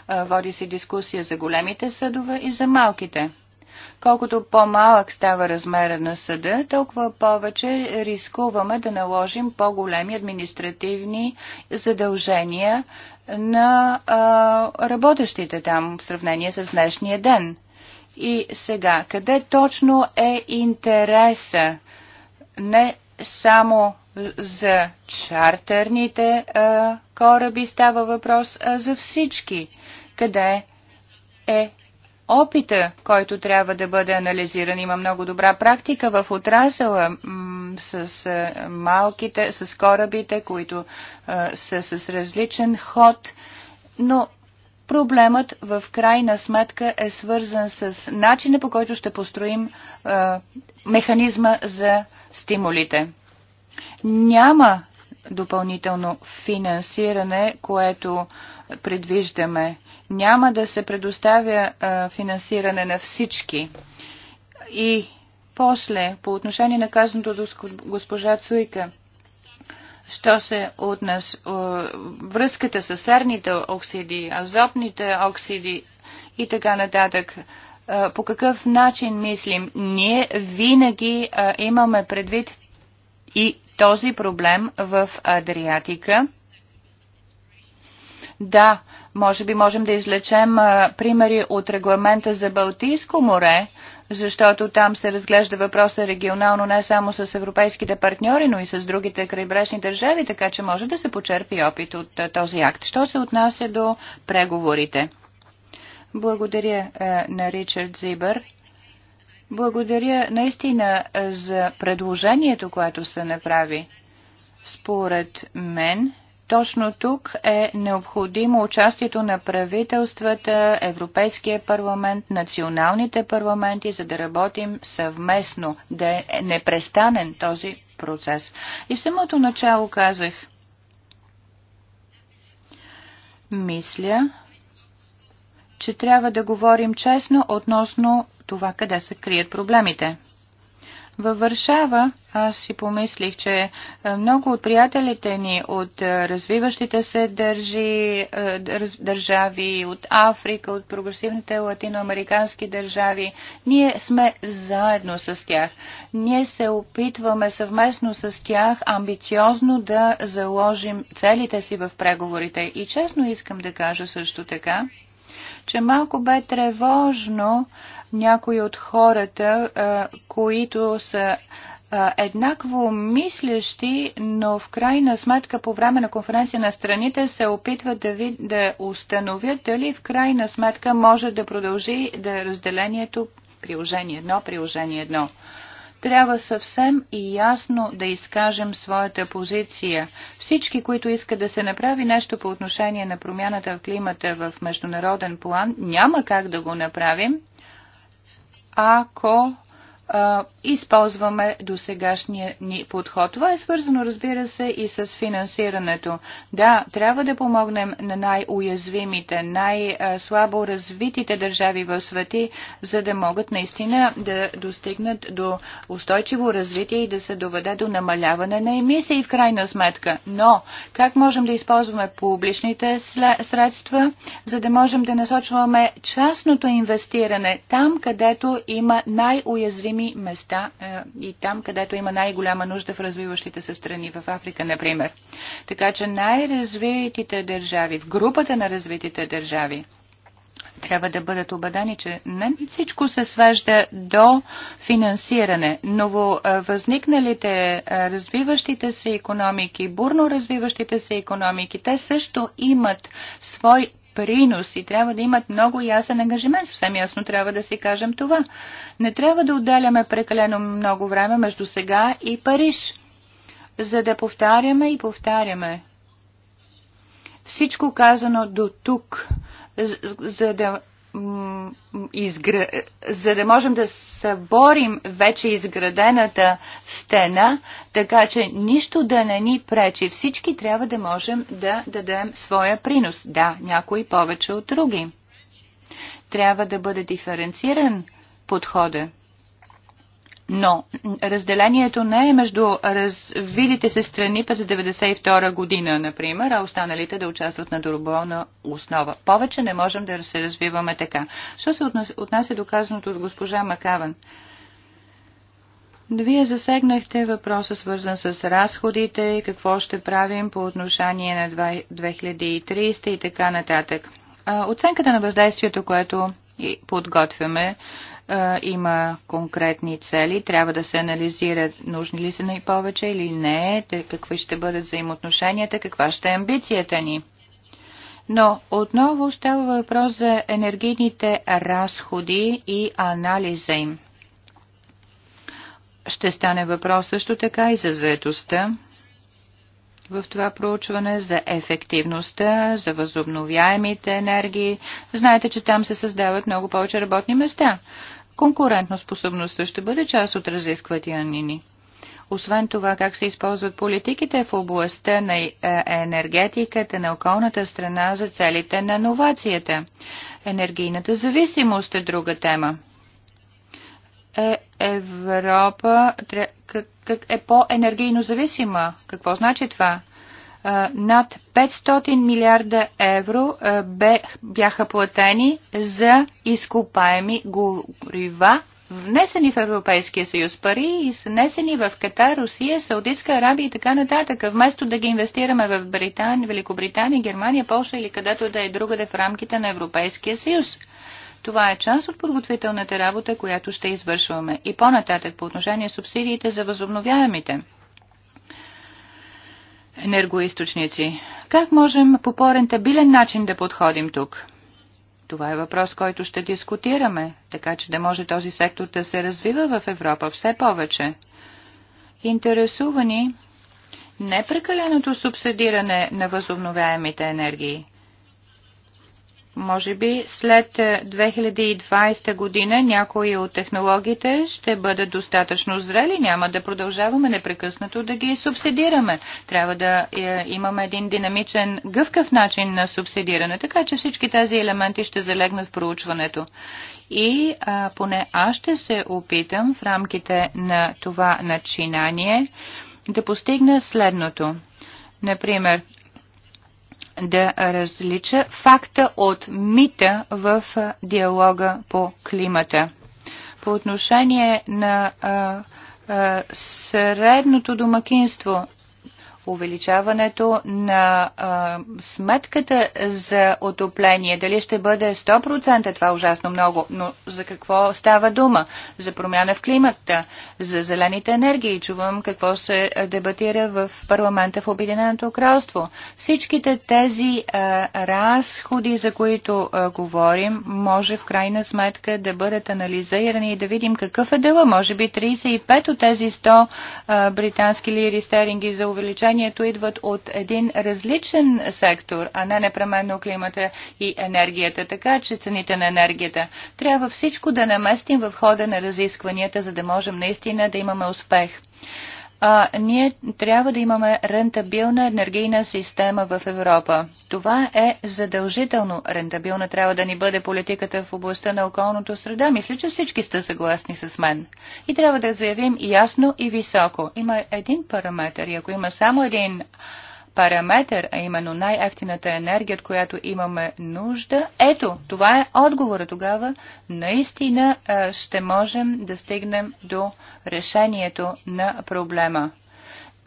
А, води се дискусия за големите съдове и за малките. Колкото по-малък става размера на съда, толкова повече рискуваме да наложим по-големи административни задължения на а, работещите там в сравнение с днешния ден. И сега, къде точно е интереса не само за чартерните а, кораби, става въпрос а за всички. Къде е опита, който трябва да бъде анализиран. Има много добра практика в отрасъла с малките, с корабите, които са с различен ход, но проблемът в крайна сметка е свързан с начина по който ще построим механизма за стимулите. Няма допълнително финансиране, което предвиждаме няма да се предоставя а, финансиране на всички. И после, по отношение на казаното до госпожа Цуйка, що се от нас, връзката с серните оксиди, азотните оксиди и така нататък, по какъв начин мислим? Ние винаги а, имаме предвид и този проблем в Адриатика. Да, може би можем да излечем а, примери от регламента за Балтийско море, защото там се разглежда въпроса регионално не само с европейските партньори, но и с другите крайбрежни държави, така че може да се почерпи опит от а, този акт. Що се отнася до преговорите? Благодаря а, на Ричард Зибър. Благодаря наистина за предложението, което се направи. Според мен, точно тук е необходимо участието на правителствата, Европейския парламент, националните парламенти, за да работим съвместно, да е непрестанен този процес. И в самото начало казах, мисля, че трябва да говорим честно относно това къде се крият проблемите. Във Варшава аз си помислих, че е, много от приятелите ни от е, развиващите се държи, е, държави, от Африка, от прогресивните латиноамерикански държави, ние сме заедно с тях. Ние се опитваме съвместно с тях амбициозно да заложим целите си в преговорите. И честно искам да кажа също така, че малко бе тревожно, някои от хората, е, които са е, еднакво мислещи, но в крайна сметка по време на конференция на страните се опитват да, ви, да установят дали в крайна сметка може да продължи да е разделението приложение 1, приложение 1 трябва съвсем и ясно да изкажем своята позиция. Всички, които искат да се направи нещо по отношение на промяната в климата в международен план, няма как да го направим, ако използваме досегашния ни подход. Това е свързано, разбира се, и с финансирането. Да, трябва да помогнем на най-уязвимите, най-слабо развитите държави в свети, за да могат наистина да достигнат до устойчиво развитие и да се доведе до намаляване на емисии в крайна сметка. Но как можем да използваме публичните средства, за да можем да насочваме частното инвестиране там, където има най-уязвими уязвими места е, и там, където има най-голяма нужда в развиващите се страни, в Африка, например. Така че най-развитите държави, в групата на развитите държави, трябва да бъдат обадани, че не всичко се свежда до финансиране. но възникналите е, развиващите се економики, бурно развиващите се економики, те също имат свой принос и трябва да имат много ясен ангажимент. Съвсем ясно трябва да си кажем това. Не трябва да отделяме прекалено много време между сега и Париж, за да повтаряме и повтаряме всичко казано до тук, за да изгр... за да можем да съборим вече изградената стена, така че нищо да не ни пречи. Всички трябва да можем да дадем своя принос. Да, някои повече от други. Трябва да бъде диференциран подхода. Но разделението не е между развилите се страни през 1992 година, например, а останалите да участват на доброволна основа. Повече не можем да се развиваме така. Що се отнася до казаното от госпожа Макаван? Вие засегнахте въпроса, свързан с разходите и какво ще правим по отношение на 2300 и така нататък. Оценката на въздействието, което подготвяме, е, има конкретни цели, трябва да се анализира нужни ли са най-повече или не, какви ще бъдат взаимоотношенията, каква ще е амбицията ни. Но отново става въпрос за енергийните разходи и анализа им. Ще стане въпрос също така и за заедостта в това проучване за ефективността, за възобновяемите енергии. Знаете, че там се създават много повече работни места. Конкурентноспособността ще бъде част от разисквания нини. Освен това, как се използват политиките в областта на е, е, енергетиката, на околната страна за целите на новацията. Енергийната зависимост е друга тема. Е Европа е по-енергийно зависима. Какво значи това? Е, над 500 милиарда евро е, бяха платени за изкопаеми горива, внесени в Европейския съюз пари и внесени в Катар, Русия, Саудитска Арабия и така нататък, вместо да ги инвестираме в Британия, Великобритания, Германия, Польша или където да е другаде в рамките на Европейския съюз. Това е част от подготвителната работа, която ще извършваме. И по-нататък по отношение субсидиите за възобновяемите енергоисточници. Как можем по по-рентабилен начин да подходим тук? Това е въпрос, който ще дискутираме, така че да може този сектор да се развива в Европа все повече. Интересувани непрекаленото субсидиране на възобновяемите енергии. Може би след 2020 е, година някои от технологиите ще бъдат достатъчно зрели, няма да продължаваме непрекъснато да ги субсидираме. Трябва да е, имаме един динамичен, гъвкав начин на субсидиране, така че всички тези елементи ще залегнат в проучването. И а, поне аз ще се опитам в рамките на това начинание да постигна следното. Например, да различа факта от мита в диалога по климата. По отношение на а, а, средното домакинство увеличаването на а, сметката за отопление. Дали ще бъде 100% това е ужасно много, но за какво става дума? За промяна в климата, за зелените енергии. Чувам какво се дебатира в парламента в Обединеното кралство. Всичките тези а, разходи, за които а, говорим, може в крайна сметка да бъдат анализирани и да видим какъв е дела. Може би 35 от тези 100 а, британски лири стеринги за увеличение предложението идват от един различен сектор, а не непременно климата и енергията, така че цените на енергията. Трябва всичко да наместим в хода на разискванията, за да можем наистина да имаме успех а, ние трябва да имаме рентабилна енергийна система в Европа. Това е задължително. Рентабилна трябва да ни бъде политиката в областта на околното среда. Мисля, че всички сте съгласни с мен. И трябва да заявим ясно и високо. Има един параметр. И ако има само един параметър, а именно най-ефтината енергия, от която имаме нужда, ето, това е отговора тогава. Наистина ще можем да стигнем до решението на проблема.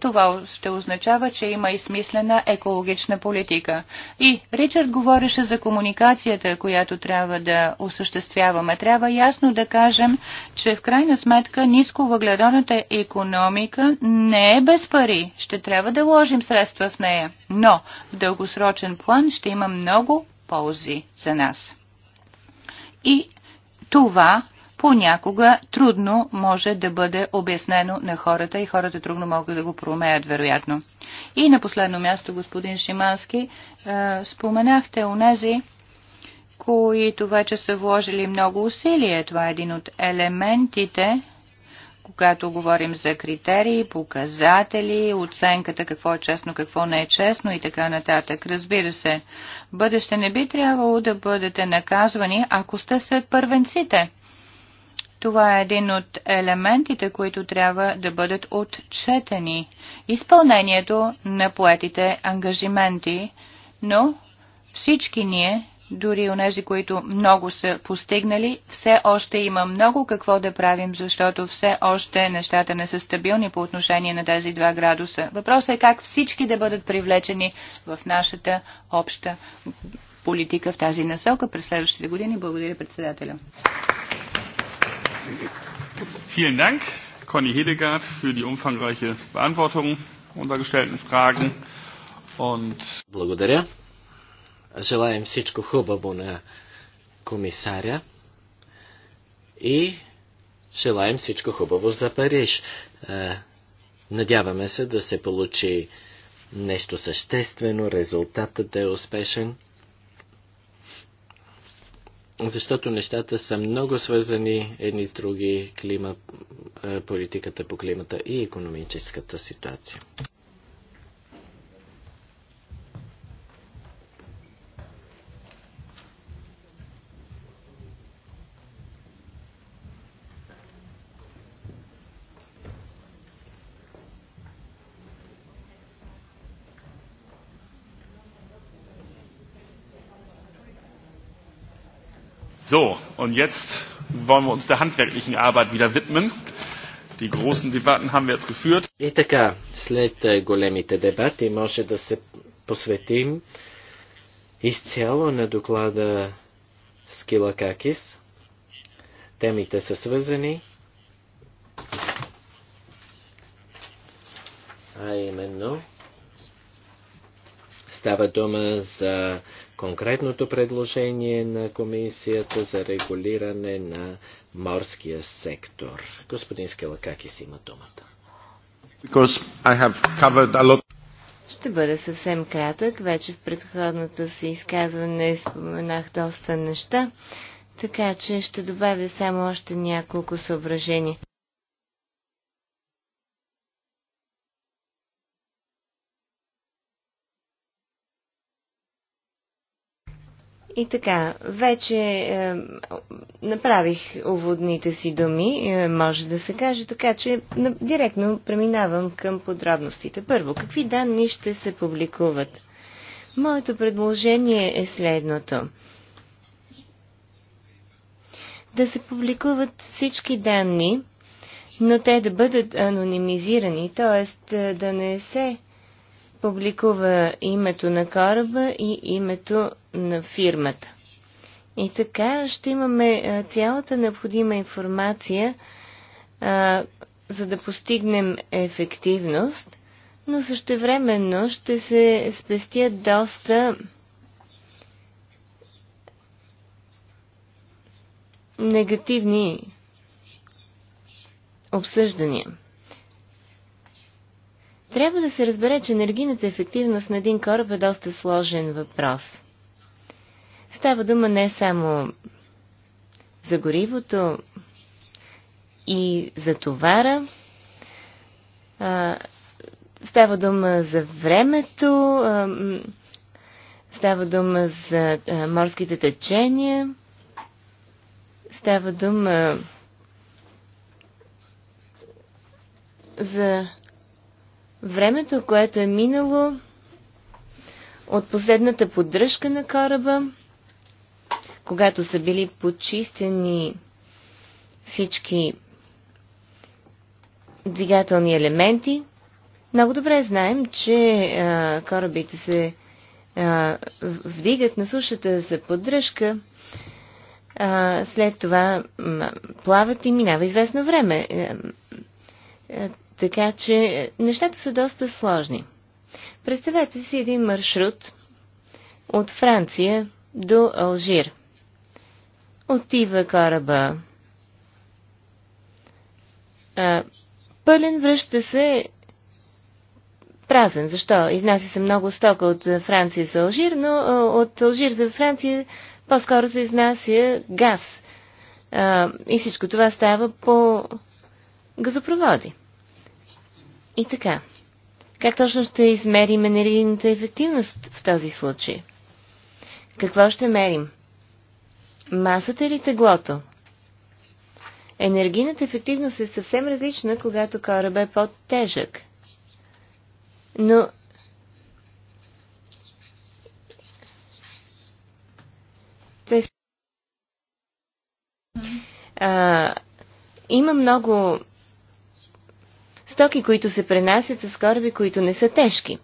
Това ще означава, че има и смислена екологична политика. И Ричард говореше за комуникацията, която трябва да осъществяваме. Трябва ясно да кажем, че в крайна сметка ниско въглеродната економика не е без пари. Ще трябва да вложим средства в нея. Но в дългосрочен план ще има много ползи за нас. И това понякога трудно може да бъде обяснено на хората и хората трудно могат да го промеят вероятно. И на последно място, господин Шимански, е, споменахте онези, които вече са вложили много усилие. Това е един от елементите, когато говорим за критерии, показатели, оценката какво е честно, какво не е честно и така нататък. Разбира се, бъдеще не би трябвало да бъдете наказвани, ако сте сред първенците – това е един от елементите, които трябва да бъдат отчетени. Изпълнението на поетите ангажименти, но всички ние, дори онези, които много са постигнали, все още има много какво да правим, защото все още нещата не са стабилни по отношение на тези два градуса. Въпросът е как всички да бъдат привлечени в нашата обща политика в тази насока през следващите години. Благодаря председателя. Vielen Dank, Conny Hedegaard, für die umfangreiche Beantwortung unserer gestellten Fragen. Und Благодаря. Желаем всичко хубаво на комисаря и желаем всичко хубаво за Париж. Е, надяваме се да се получи нещо съществено, резултатът да е успешен защото нещата са много свързани едни с други, клима, е, политиката по климата и економическата ситуация. So, und jetzt wollen wir uns der handwerklichen Arbeit wieder widmen. Die großen Debatten haben wir jetzt geführt. И така, след големите дебати може да се посветим изцяло на доклада Скилакакис. Темите са свързани. Става дума за конкретното предложение на Комисията за регулиране на морския сектор. Господин Скелакакис има думата. Ще бъда съвсем кратък. Вече в предходното си изказване споменах доста неща, така че ще добавя само още няколко съображения. И така, вече е, направих уводните си думи, е, може да се каже, така че на, директно преминавам към подробностите. Първо, какви данни ще се публикуват? Моето предложение е следното. Да се публикуват всички данни, но те да бъдат анонимизирани, т.е. да не се публикува името на кораба и името на фирмата. И така ще имаме цялата необходима информация, а, за да постигнем ефективност, но същевременно ще се спестят доста негативни обсъждания. Трябва да се разбере, че енергийната ефективност на един кораб е доста сложен въпрос. Става дума не само за горивото и за товара, а, става дума за времето, а, става дума за а, морските течения, става дума за времето, което е минало от последната поддръжка на кораба, когато са били почистени всички двигателни елементи. Много добре знаем, че а, корабите се а, вдигат на сушата за поддръжка. А, след това плават и минава известно време. Е, така че е, нещата са доста сложни. Представете си един маршрут от Франция до Алжир. Отива кораба. А, пълен връща се празен. Защо? Изнася се много стока от Франция за Алжир, но от Алжир за Франция по-скоро се изнася газ. А, и всичко това става по газопроводи. И така, как точно ще измерим енергийната ефективност в този случай? Какво ще мерим? Масата или теглото? Енергийната ефективност е съвсем различна, когато кораба е по-тежък. Но Те... А, има много стоки, които се пренасят с кораби, които не са тежки.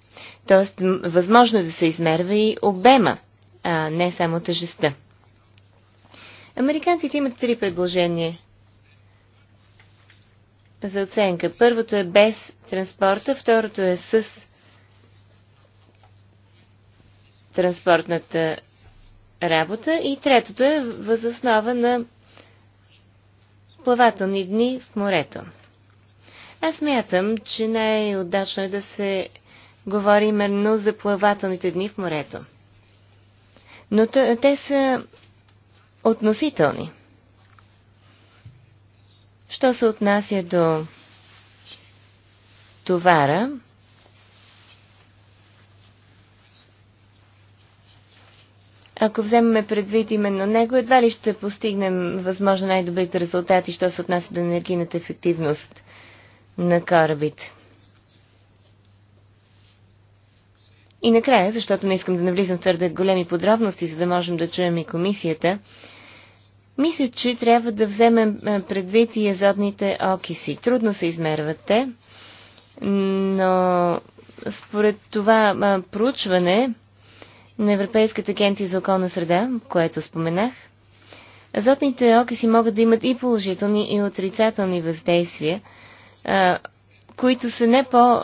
Тоест, възможно е да се измерва и обема, а не само тъжеста. Американците имат три предложения за оценка. Първото е без транспорта, второто е с транспортната работа и третото е възоснова на плавателни дни в морето. Аз мятам, че най-удачно е да се говори именно за плавателните дни в морето. Но те са относителни. Що се отнася до товара, ако вземем предвид именно него, едва ли ще постигнем възможно най-добрите резултати, що се отнася до енергийната ефективност на корабите. И накрая, защото не искам да навлизам твърде големи подробности, за да можем да чуем и комисията, мисля, че трябва да вземем предвид и азотните окиси. Трудно се измерват те, но според това проучване на Европейската агенция за околна среда, което споменах, азотните окиси могат да имат и положителни, и отрицателни въздействия които са не по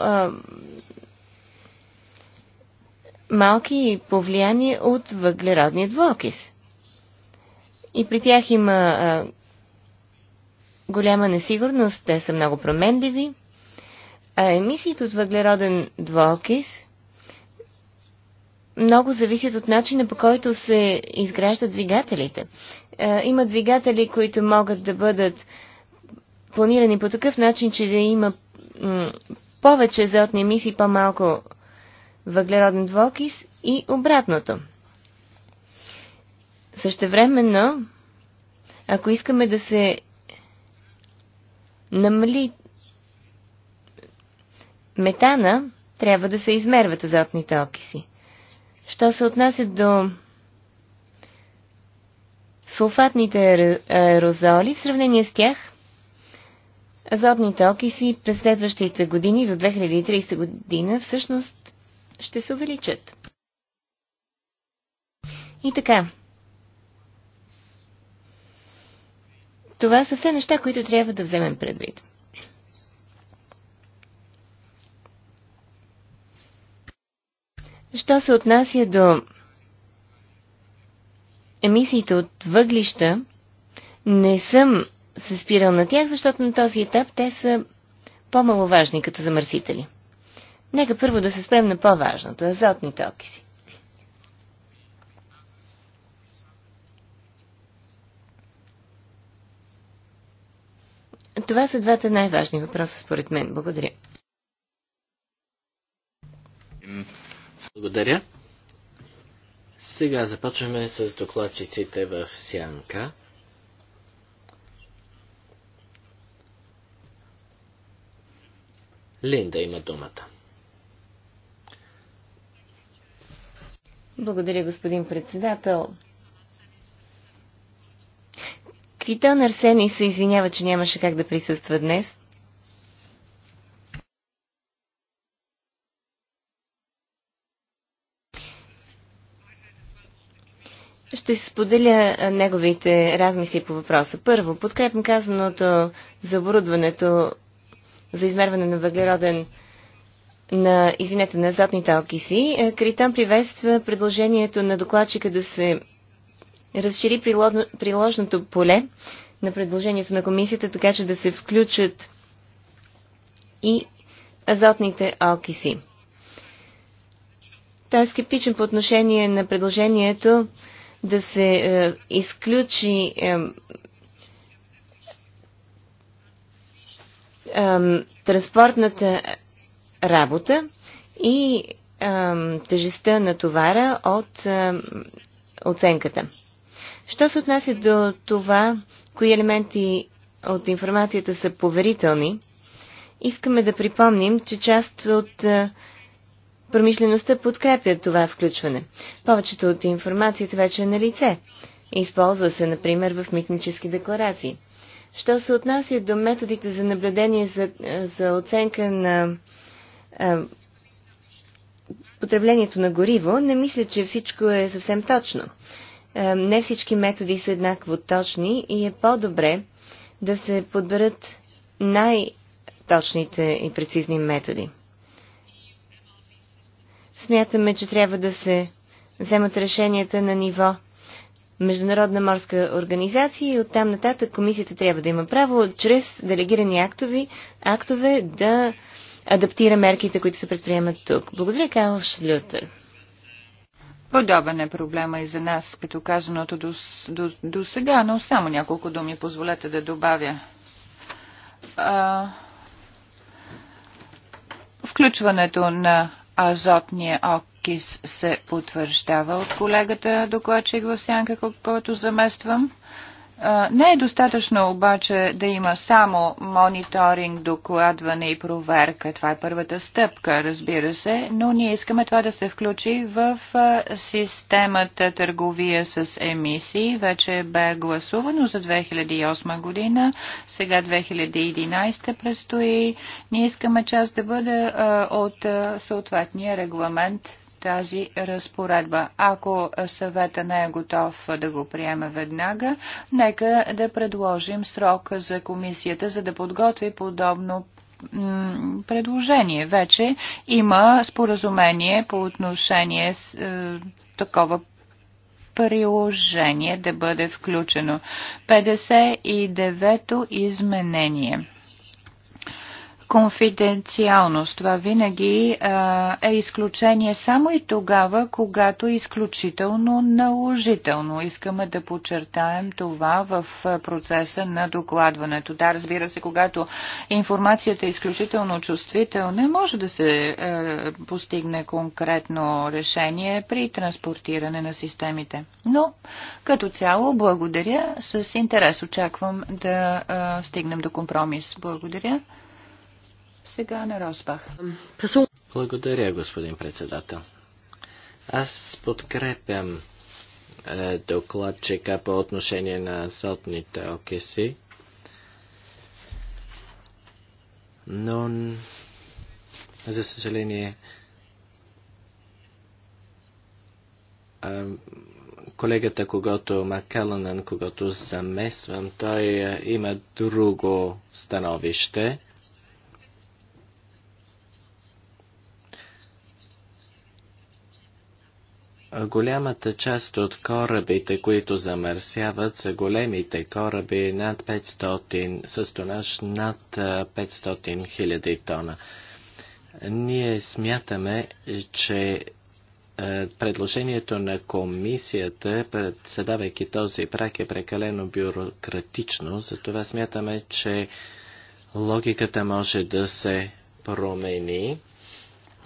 малки и повлияни от въглеродния двуокис. И при тях има голяма несигурност, те са много променливи, а емисиите от въглероден двуокис много зависят от начина по който се изграждат двигателите. има двигатели, които могат да бъдат планирани по такъв начин, че да има повече азотни емисии, по-малко въглероден двокис и обратното. Същевременно, ако искаме да се намали метана, трябва да се измерват азотните окиси. Що се отнася до сулфатните аерозоли, в сравнение с тях азотните окиси през следващите години до 2030 година всъщност ще се увеличат. И така. Това са все неща, които трябва да вземем предвид. Що се отнася до емисиите от въглища, не съм се спирал на тях, защото на този етап те са по-маловажни като замърсители. Нека първо да се спрем на по-важното – азотните окиси. Това са двата най-важни въпроса според мен. Благодаря. Благодаря. Сега започваме с докладчиците в Сянка. Линда има думата. Благодаря, господин председател. Квитон Арсений се извинява, че нямаше как да присъства днес. Ще споделя неговите размисли по въпроса. Първо, подкрепям казаното за оборудването за измерване на въглероден на, извинете, на азотните окиси. Е, Критан приветства предложението на докладчика да се разшири приложно, приложното поле на предложението на комисията, така че да се включат и азотните окиси. Той е скептичен по отношение на предложението да се е, изключи е, ам, транспортната работа и ам, тежестта на товара от ам, оценката. Що се отнася до това, кои елементи от информацията са поверителни, искаме да припомним, че част от промишлеността подкрепя това включване. Повечето от информацията вече е на лице. Използва се, например, в митнически декларации – Що се отнася до методите за наблюдение за, за оценка на а, потреблението на гориво, не мисля, че всичко е съвсем точно. А, не всички методи са еднакво точни и е по-добре да се подберат най-точните и прецизни методи. Смятаме, че трябва да се вземат решенията на ниво Международна морска организация и оттам нататък комисията трябва да има право чрез делегирани актови, актове да адаптира мерките, които се предприемат тук. Благодаря, Карл Шлютер. Подобен е проблема и за нас, като казаното до, до, до сега, но само няколко думи позволете да добавя. А, включването на азотния ок. Кис се потвърждава от колегата докладчик в сянка, който замествам. Не е достатъчно обаче да има само мониторинг, докладване и проверка. Това е първата стъпка, разбира се, но ние искаме това да се включи в системата търговия с емисии. Вече бе гласувано за 2008 година, сега 2011 предстои. Ние искаме част да бъде от съответния регламент тази разпоредба. Ако съвета не е готов да го приеме веднага, нека да предложим срок за комисията, за да подготви подобно предложение. Вече има споразумение по отношение с е, такова приложение да бъде включено. 59-то изменение конфиденциалност. Това винаги а, е изключение само и тогава, когато е изключително наложително. Искаме да подчертаем това в процеса на докладването. Да, разбира се, когато информацията е изключително чувствителна, може да се а, постигне конкретно решение при транспортиране на системите. Но, като цяло, благодаря. С интерес очаквам да а, стигнем до компромис. Благодаря. Сега на Росбах. Благодаря, господин председател. Аз подкрепям е, докладчика по отношение на азотните окиси, но за съжаление е, колегата, когато Макаланан, когато замествам, той е, има друго становище. Голямата част от корабите, които замърсяват, са големите кораби над 500, със тонаж над 500 000 тона. Ние смятаме, че предложението на комисията, съдавайки този прак, е прекалено бюрократично, затова смятаме, че логиката може да се промени.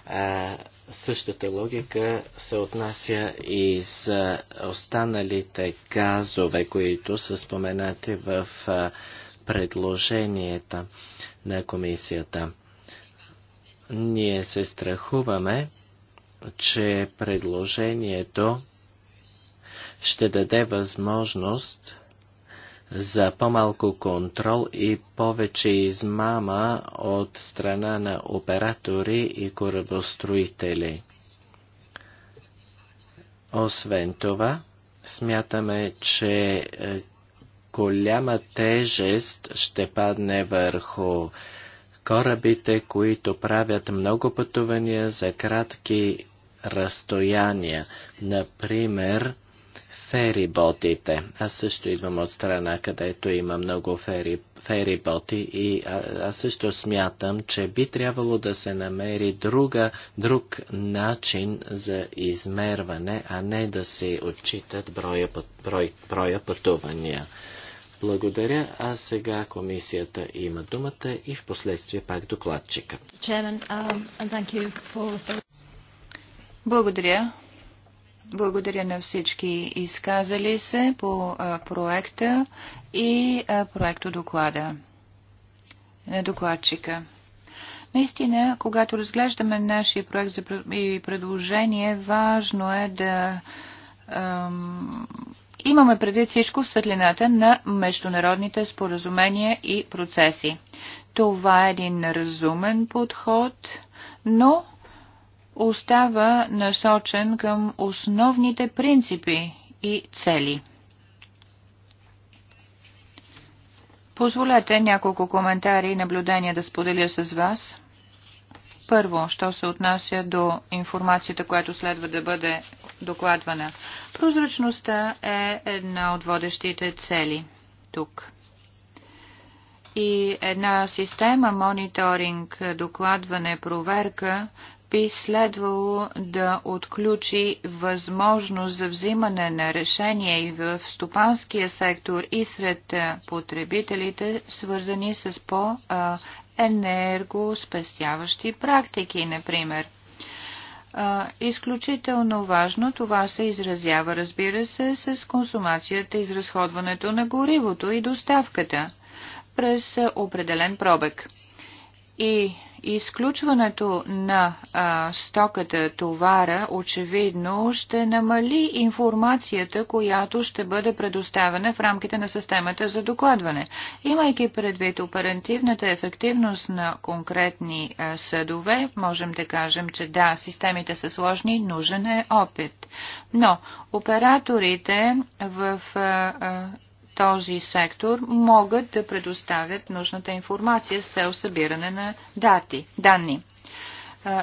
А, Същата логика се отнася и за останалите газове, които са споменати в предложенията на комисията. Ние се страхуваме, че предложението ще даде възможност за по-малко контрол и повече измама от страна на оператори и корабостроители. Освен това, смятаме, че е, голяма тежест ще падне върху корабите, които правят много пътувания за кратки разстояния. Например, фериботите. Аз също идвам от страна, където има много фери, фериботи и аз също смятам, че би трябвало да се намери друга, друг начин за измерване, а не да се отчитат броя, брой, броя пътувания. Благодаря, а сега комисията има думата и в последствие пак докладчика. Um, Благодаря благодаря на всички изказали се по проекта и проекто доклада на докладчика. Наистина, когато разглеждаме нашия проект и предложение, важно е да ем, имаме преди всичко светлината на международните споразумения и процеси. Това е един разумен подход, но остава насочен към основните принципи и цели. Позволете няколко коментари и наблюдения да споделя с вас. Първо, що се отнася до информацията, която следва да бъде докладвана. Прозрачността е една от водещите цели тук. И една система мониторинг, докладване, проверка би следвало да отключи възможност за взимане на решения и в стопанския сектор и сред потребителите, свързани с по-енергоспестяващи практики, например. Изключително важно това се изразява, разбира се, с консумацията, изразходването на горивото и доставката през определен пробег. И Изключването на а, стоката товара очевидно ще намали информацията, която ще бъде предоставена в рамките на системата за докладване. Имайки предвид оперативната ефективност на конкретни а, съдове, можем да кажем, че да, системите са сложни, нужен е опит. Но операторите в а, а, този сектор могат да предоставят нужната информация с цел събиране на дати, данни.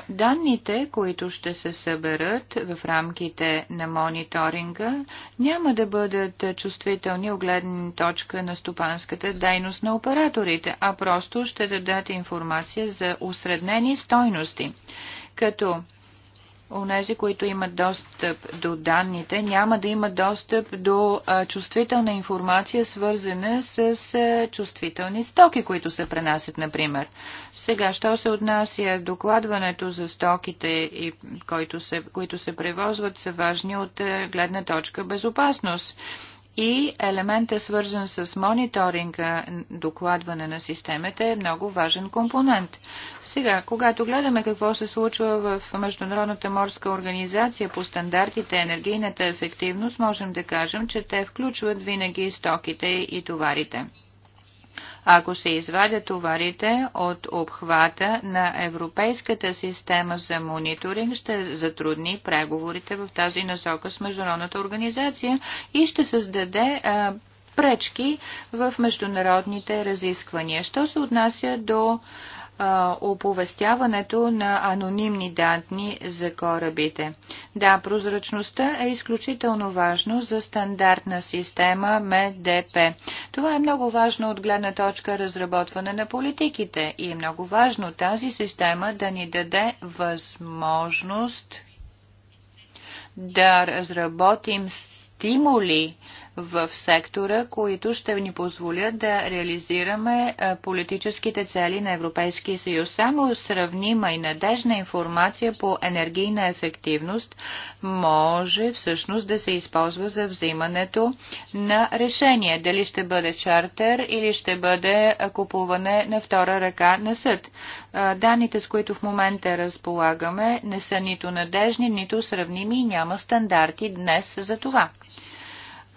Данните, които ще се съберат в рамките на мониторинга, няма да бъдат чувствителни огледни точка на стопанската дейност на операторите, а просто ще дадат информация за усреднени стойности, като Онези, които имат достъп до данните, няма да имат достъп до а, чувствителна информация, свързана с а, чувствителни стоки, които се пренасят, например. Сега, що се отнася докладването за стоките, и, които, се, които се превозват, са важни от а, гледна точка безопасност. И елемента свързан с мониторинга, докладване на системата е много важен компонент. Сега, когато гледаме какво се случва в Международната морска организация по стандартите енергийната ефективност, можем да кажем, че те включват винаги стоките и товарите ако се извадят товарите от обхвата на Европейската система за мониторинг, ще затрудни преговорите в тази насока с Международната организация и ще създаде а, пречки в международните разисквания. Що се отнася до оповестяването на анонимни данни за корабите. Да, прозрачността е изключително важно за стандартна система МДП. Това е много важно от гледна точка разработване на политиките и е много важно тази система да ни даде възможност да разработим стимули в сектора, които ще ни позволят да реализираме политическите цели на Европейския съюз. Само сравнима и надежна информация по енергийна ефективност може всъщност да се използва за взимането на решение. Дали ще бъде чартер или ще бъде купуване на втора ръка на съд. Данните, с които в момента разполагаме, не са нито надежни, нито сравними и няма стандарти днес за това.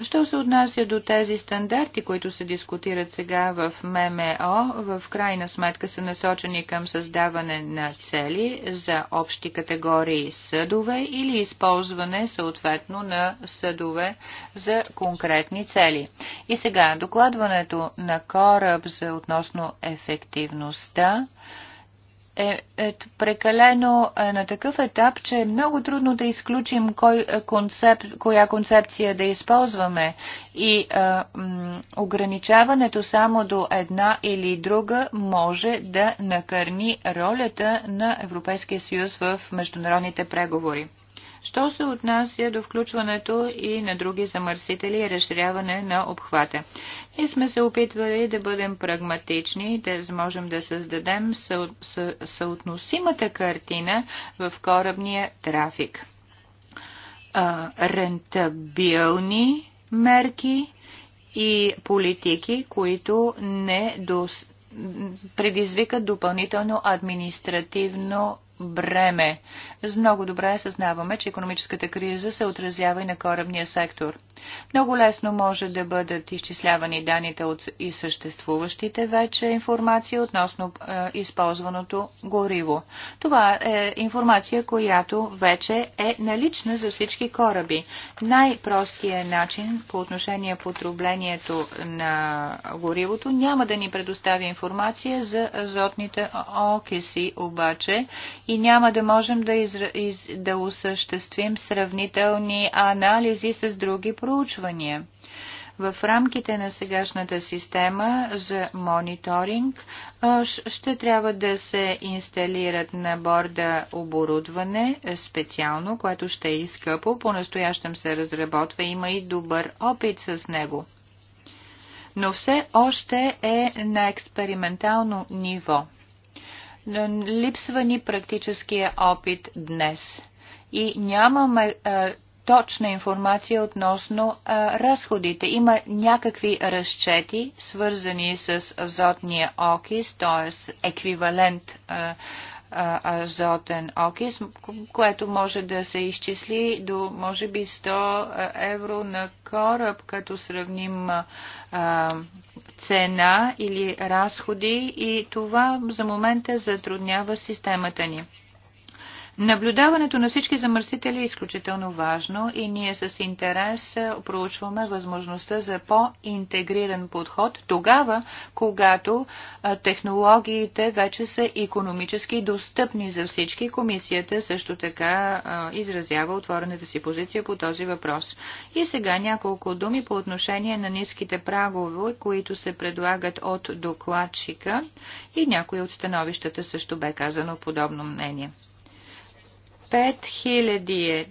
Що се отнася до тези стандарти, които се дискутират сега в ММО, в крайна сметка са насочени към създаване на цели за общи категории съдове или използване съответно на съдове за конкретни цели. И сега докладването на кораб за относно ефективността е, е прекалено е, на такъв етап, че е много трудно да изключим кой е, концеп, коя концепция да използваме. И е, м, ограничаването само до една или друга може да накърни ролята на Европейския съюз в международните преговори. Що се отнася до включването и на други замърсители и разширяване на обхвата? Ние сме се опитвали да бъдем прагматични да можем да създадем съ... съ... съотносимата картина в корабния трафик. А, рентабилни мерки и политики, които не до, предизвикат допълнително административно бреме. С Много добре съзнаваме, че економическата криза се отразява и на корабния сектор. Много лесно може да бъдат изчислявани данните от и съществуващите вече информации относно е, използваното гориво. Това е информация, която вече е налична за всички кораби. Най-простият начин по отношение потреблението на горивото няма да ни предостави информация за азотните окиси, обаче и няма да можем да, изра... из... да осъществим сравнителни анализи с други проучвания. В рамките на сегашната система за мониторинг ще трябва да се инсталират на борда оборудване е, специално, което ще е изкъпо. По-настоящем се разработва. Има и добър опит с него. Но все още е на експериментално ниво липсва ни практическия опит днес и нямаме а, е, точна информация относно а, е, разходите. Има някакви разчети, свързани с азотния окис, т.е. еквивалент а, е, азотен окис, което може да се изчисли до може би 100 евро на кораб, като сравним цена или разходи и това за момента затруднява системата ни. Наблюдаването на всички замърсители е изключително важно и ние с интерес е, проучваме възможността за по-интегриран подход тогава, когато е, технологиите вече са економически достъпни за всички. Комисията също така е, изразява отворената си позиция по този въпрос. И сега няколко думи по отношение на ниските прагове, които се предлагат от докладчика и някои от становищата също бе казано подобно мнение. 5000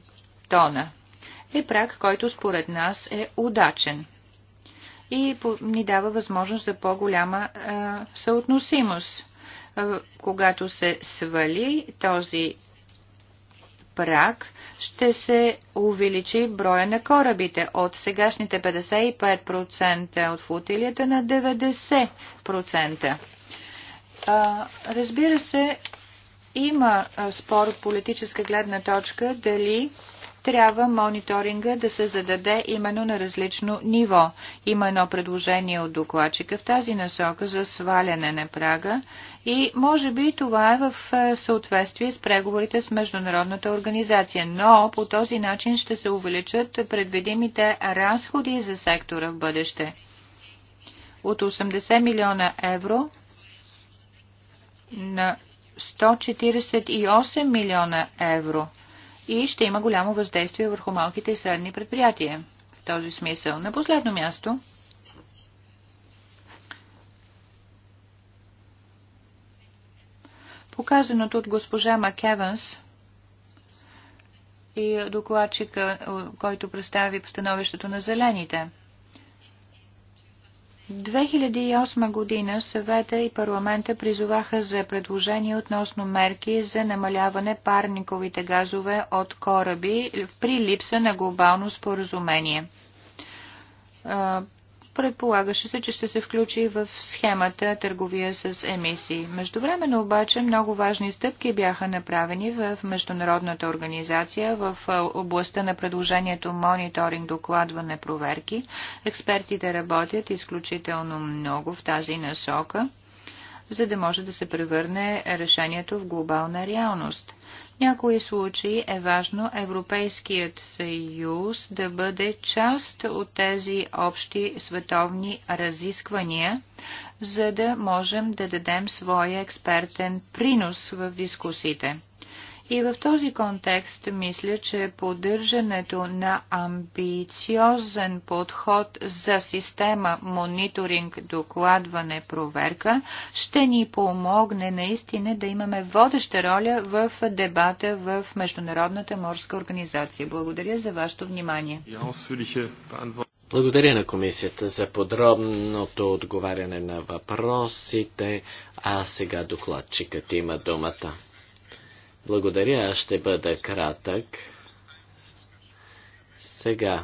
тона е прак, който според нас е удачен и ни дава възможност за по-голяма е, съотносимост. Е, когато се свали този прак, ще се увеличи броя на корабите от сегашните 55% от флотилията на 90%. А, разбира се, има спор от политическа гледна точка дали трябва мониторинга да се зададе именно на различно ниво. Има едно предложение от докладчика в тази насока за сваляне на прага и може би това е в съответствие с преговорите с Международната организация, но по този начин ще се увеличат предвидимите разходи за сектора в бъдеще. От 80 милиона евро на 148 милиона евро и ще има голямо въздействие върху малките и средни предприятия. В този смисъл. На последно място показаното от госпожа Макеванс и докладчика, който представи постановището на зелените – 2008 година съвета и парламента призоваха за предложение относно мерки за намаляване парниковите газове от кораби при липса на глобално споразумение Предполагаше се, че ще се включи в схемата търговия с емисии. Междувременно обаче много важни стъпки бяха направени в Международната организация в областта на предложението мониторинг, докладване, проверки. Експертите работят изключително много в тази насока, за да може да се превърне решението в глобална реалност някои случаи е важно Европейският съюз да бъде част от тези общи световни разисквания, за да можем да дадем своя експертен принос в дискусиите. И в този контекст мисля, че поддържането на амбициозен подход за система мониторинг, докладване, проверка ще ни помогне наистина да имаме водеща роля в дебата в Международната морска организация. Благодаря за вашето внимание. Благодаря на комисията за подробното отговаряне на въпросите, а сега докладчикът има думата. Благодаря, аз ще бъда кратък. Сега,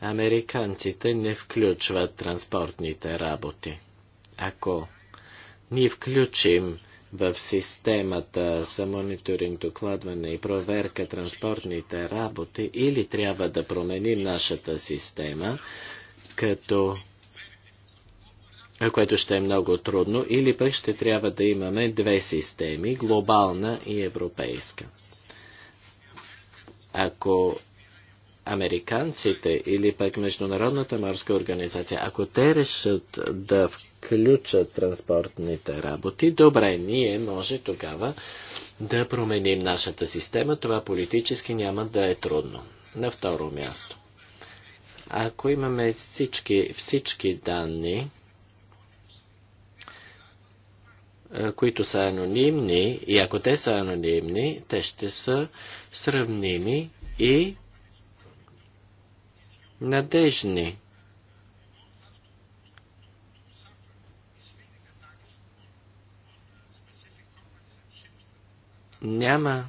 американците не включват транспортните работи. Ако ни включим в системата за мониторинг, докладване и проверка транспортните работи или трябва да променим нашата система, като което ще е много трудно, или пък ще трябва да имаме две системи, глобална и европейска. Ако американците или пък Международната морска организация, ако те решат да включат транспортните работи, добре, ние може тогава да променим нашата система. Това политически няма да е трудно. На второ място. Ако имаме всички, всички данни, които са анонимни, и ако те са анонимни, те ще са сравними и надежни. Няма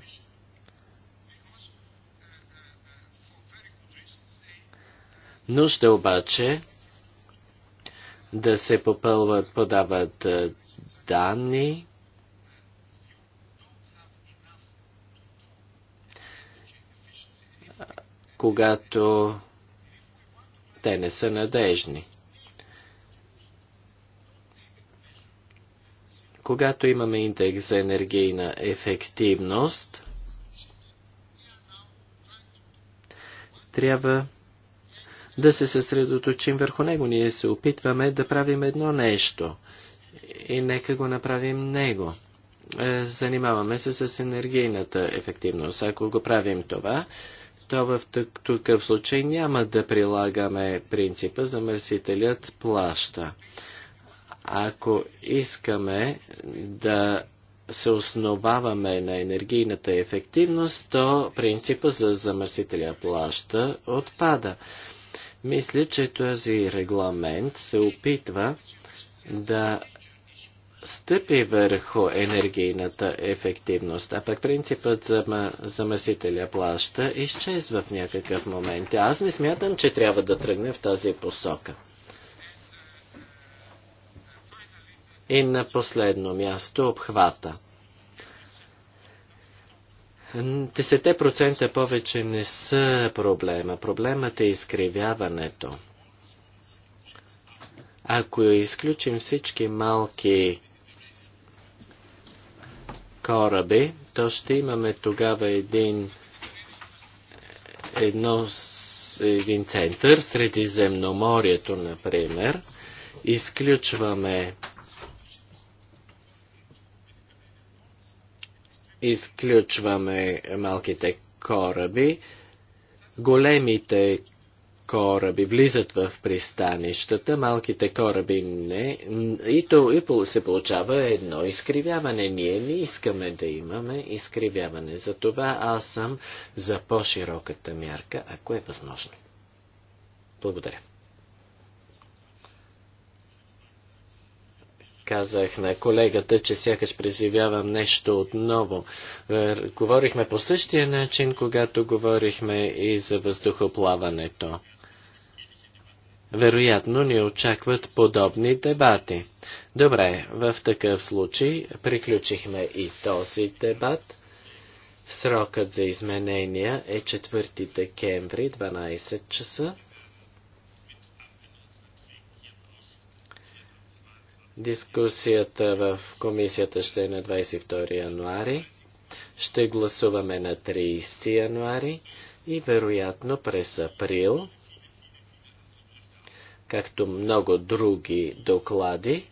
нужда обаче да се попълват, подават данни, когато те не са надежни. Когато имаме индекс за енергийна ефективност, трябва да се съсредоточим върху него. Ние се опитваме да правим едно нещо – и нека го направим него. Е, занимаваме се с енергийната ефективност. Ако го правим това, то в такъв случай няма да прилагаме принципа замърсителят плаща. Ако искаме да се основаваме на енергийната ефективност, то принципа за замърсителя плаща отпада. Мисля, че този регламент се опитва да стъпи върху енергийната ефективност, а пък принципът за замесителя плаща изчезва в някакъв момент. Аз не смятам, че трябва да тръгне в тази посока. И на последно място обхвата. Десете процента повече не са проблема. Проблемът е изкривяването. Ако изключим всички малки кораби, то ще имаме тогава един, едно, един център, Средиземноморието, например. Изключваме изключваме малките кораби. Големите кораби влизат в пристанищата, малките кораби не. И то и се получава едно изкривяване. Ние не искаме да имаме изкривяване. Затова аз съм за по-широката мярка, ако е възможно. Благодаря. казах на колегата, че сякаш преживявам нещо отново. Е, говорихме по същия начин, когато говорихме и за въздухоплаването вероятно ни очакват подобни дебати. Добре, в такъв случай приключихме и този дебат. Срокът за изменения е 4 декември, 12 часа. Дискусията в комисията ще е на 22 януари. Ще гласуваме на 30 януари и вероятно през април както много други доклади.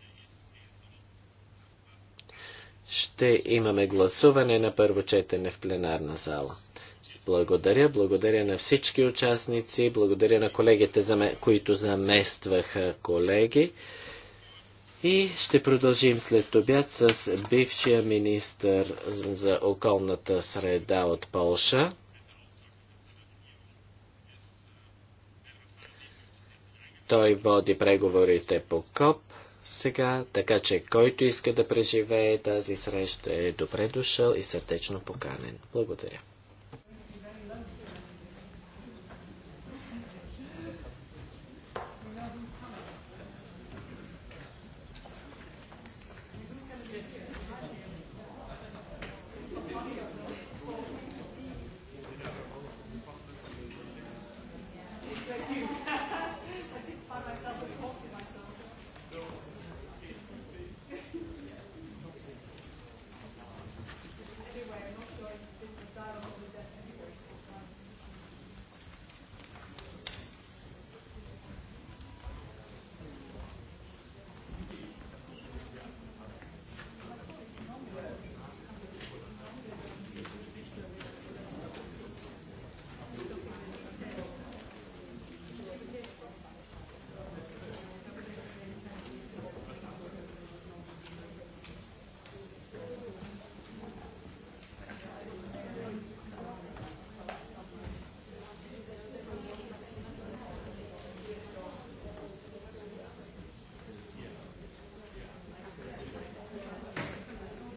Ще имаме гласуване на първо четене в пленарна зала. Благодаря, благодаря на всички участници, благодаря на колегите, които заместваха колеги. И ще продължим след обяд с бившия министър за околната среда от Полша. Той води преговорите по КОП сега, така че който иска да преживее тази среща е добре дошъл и сърдечно поканен. Благодаря.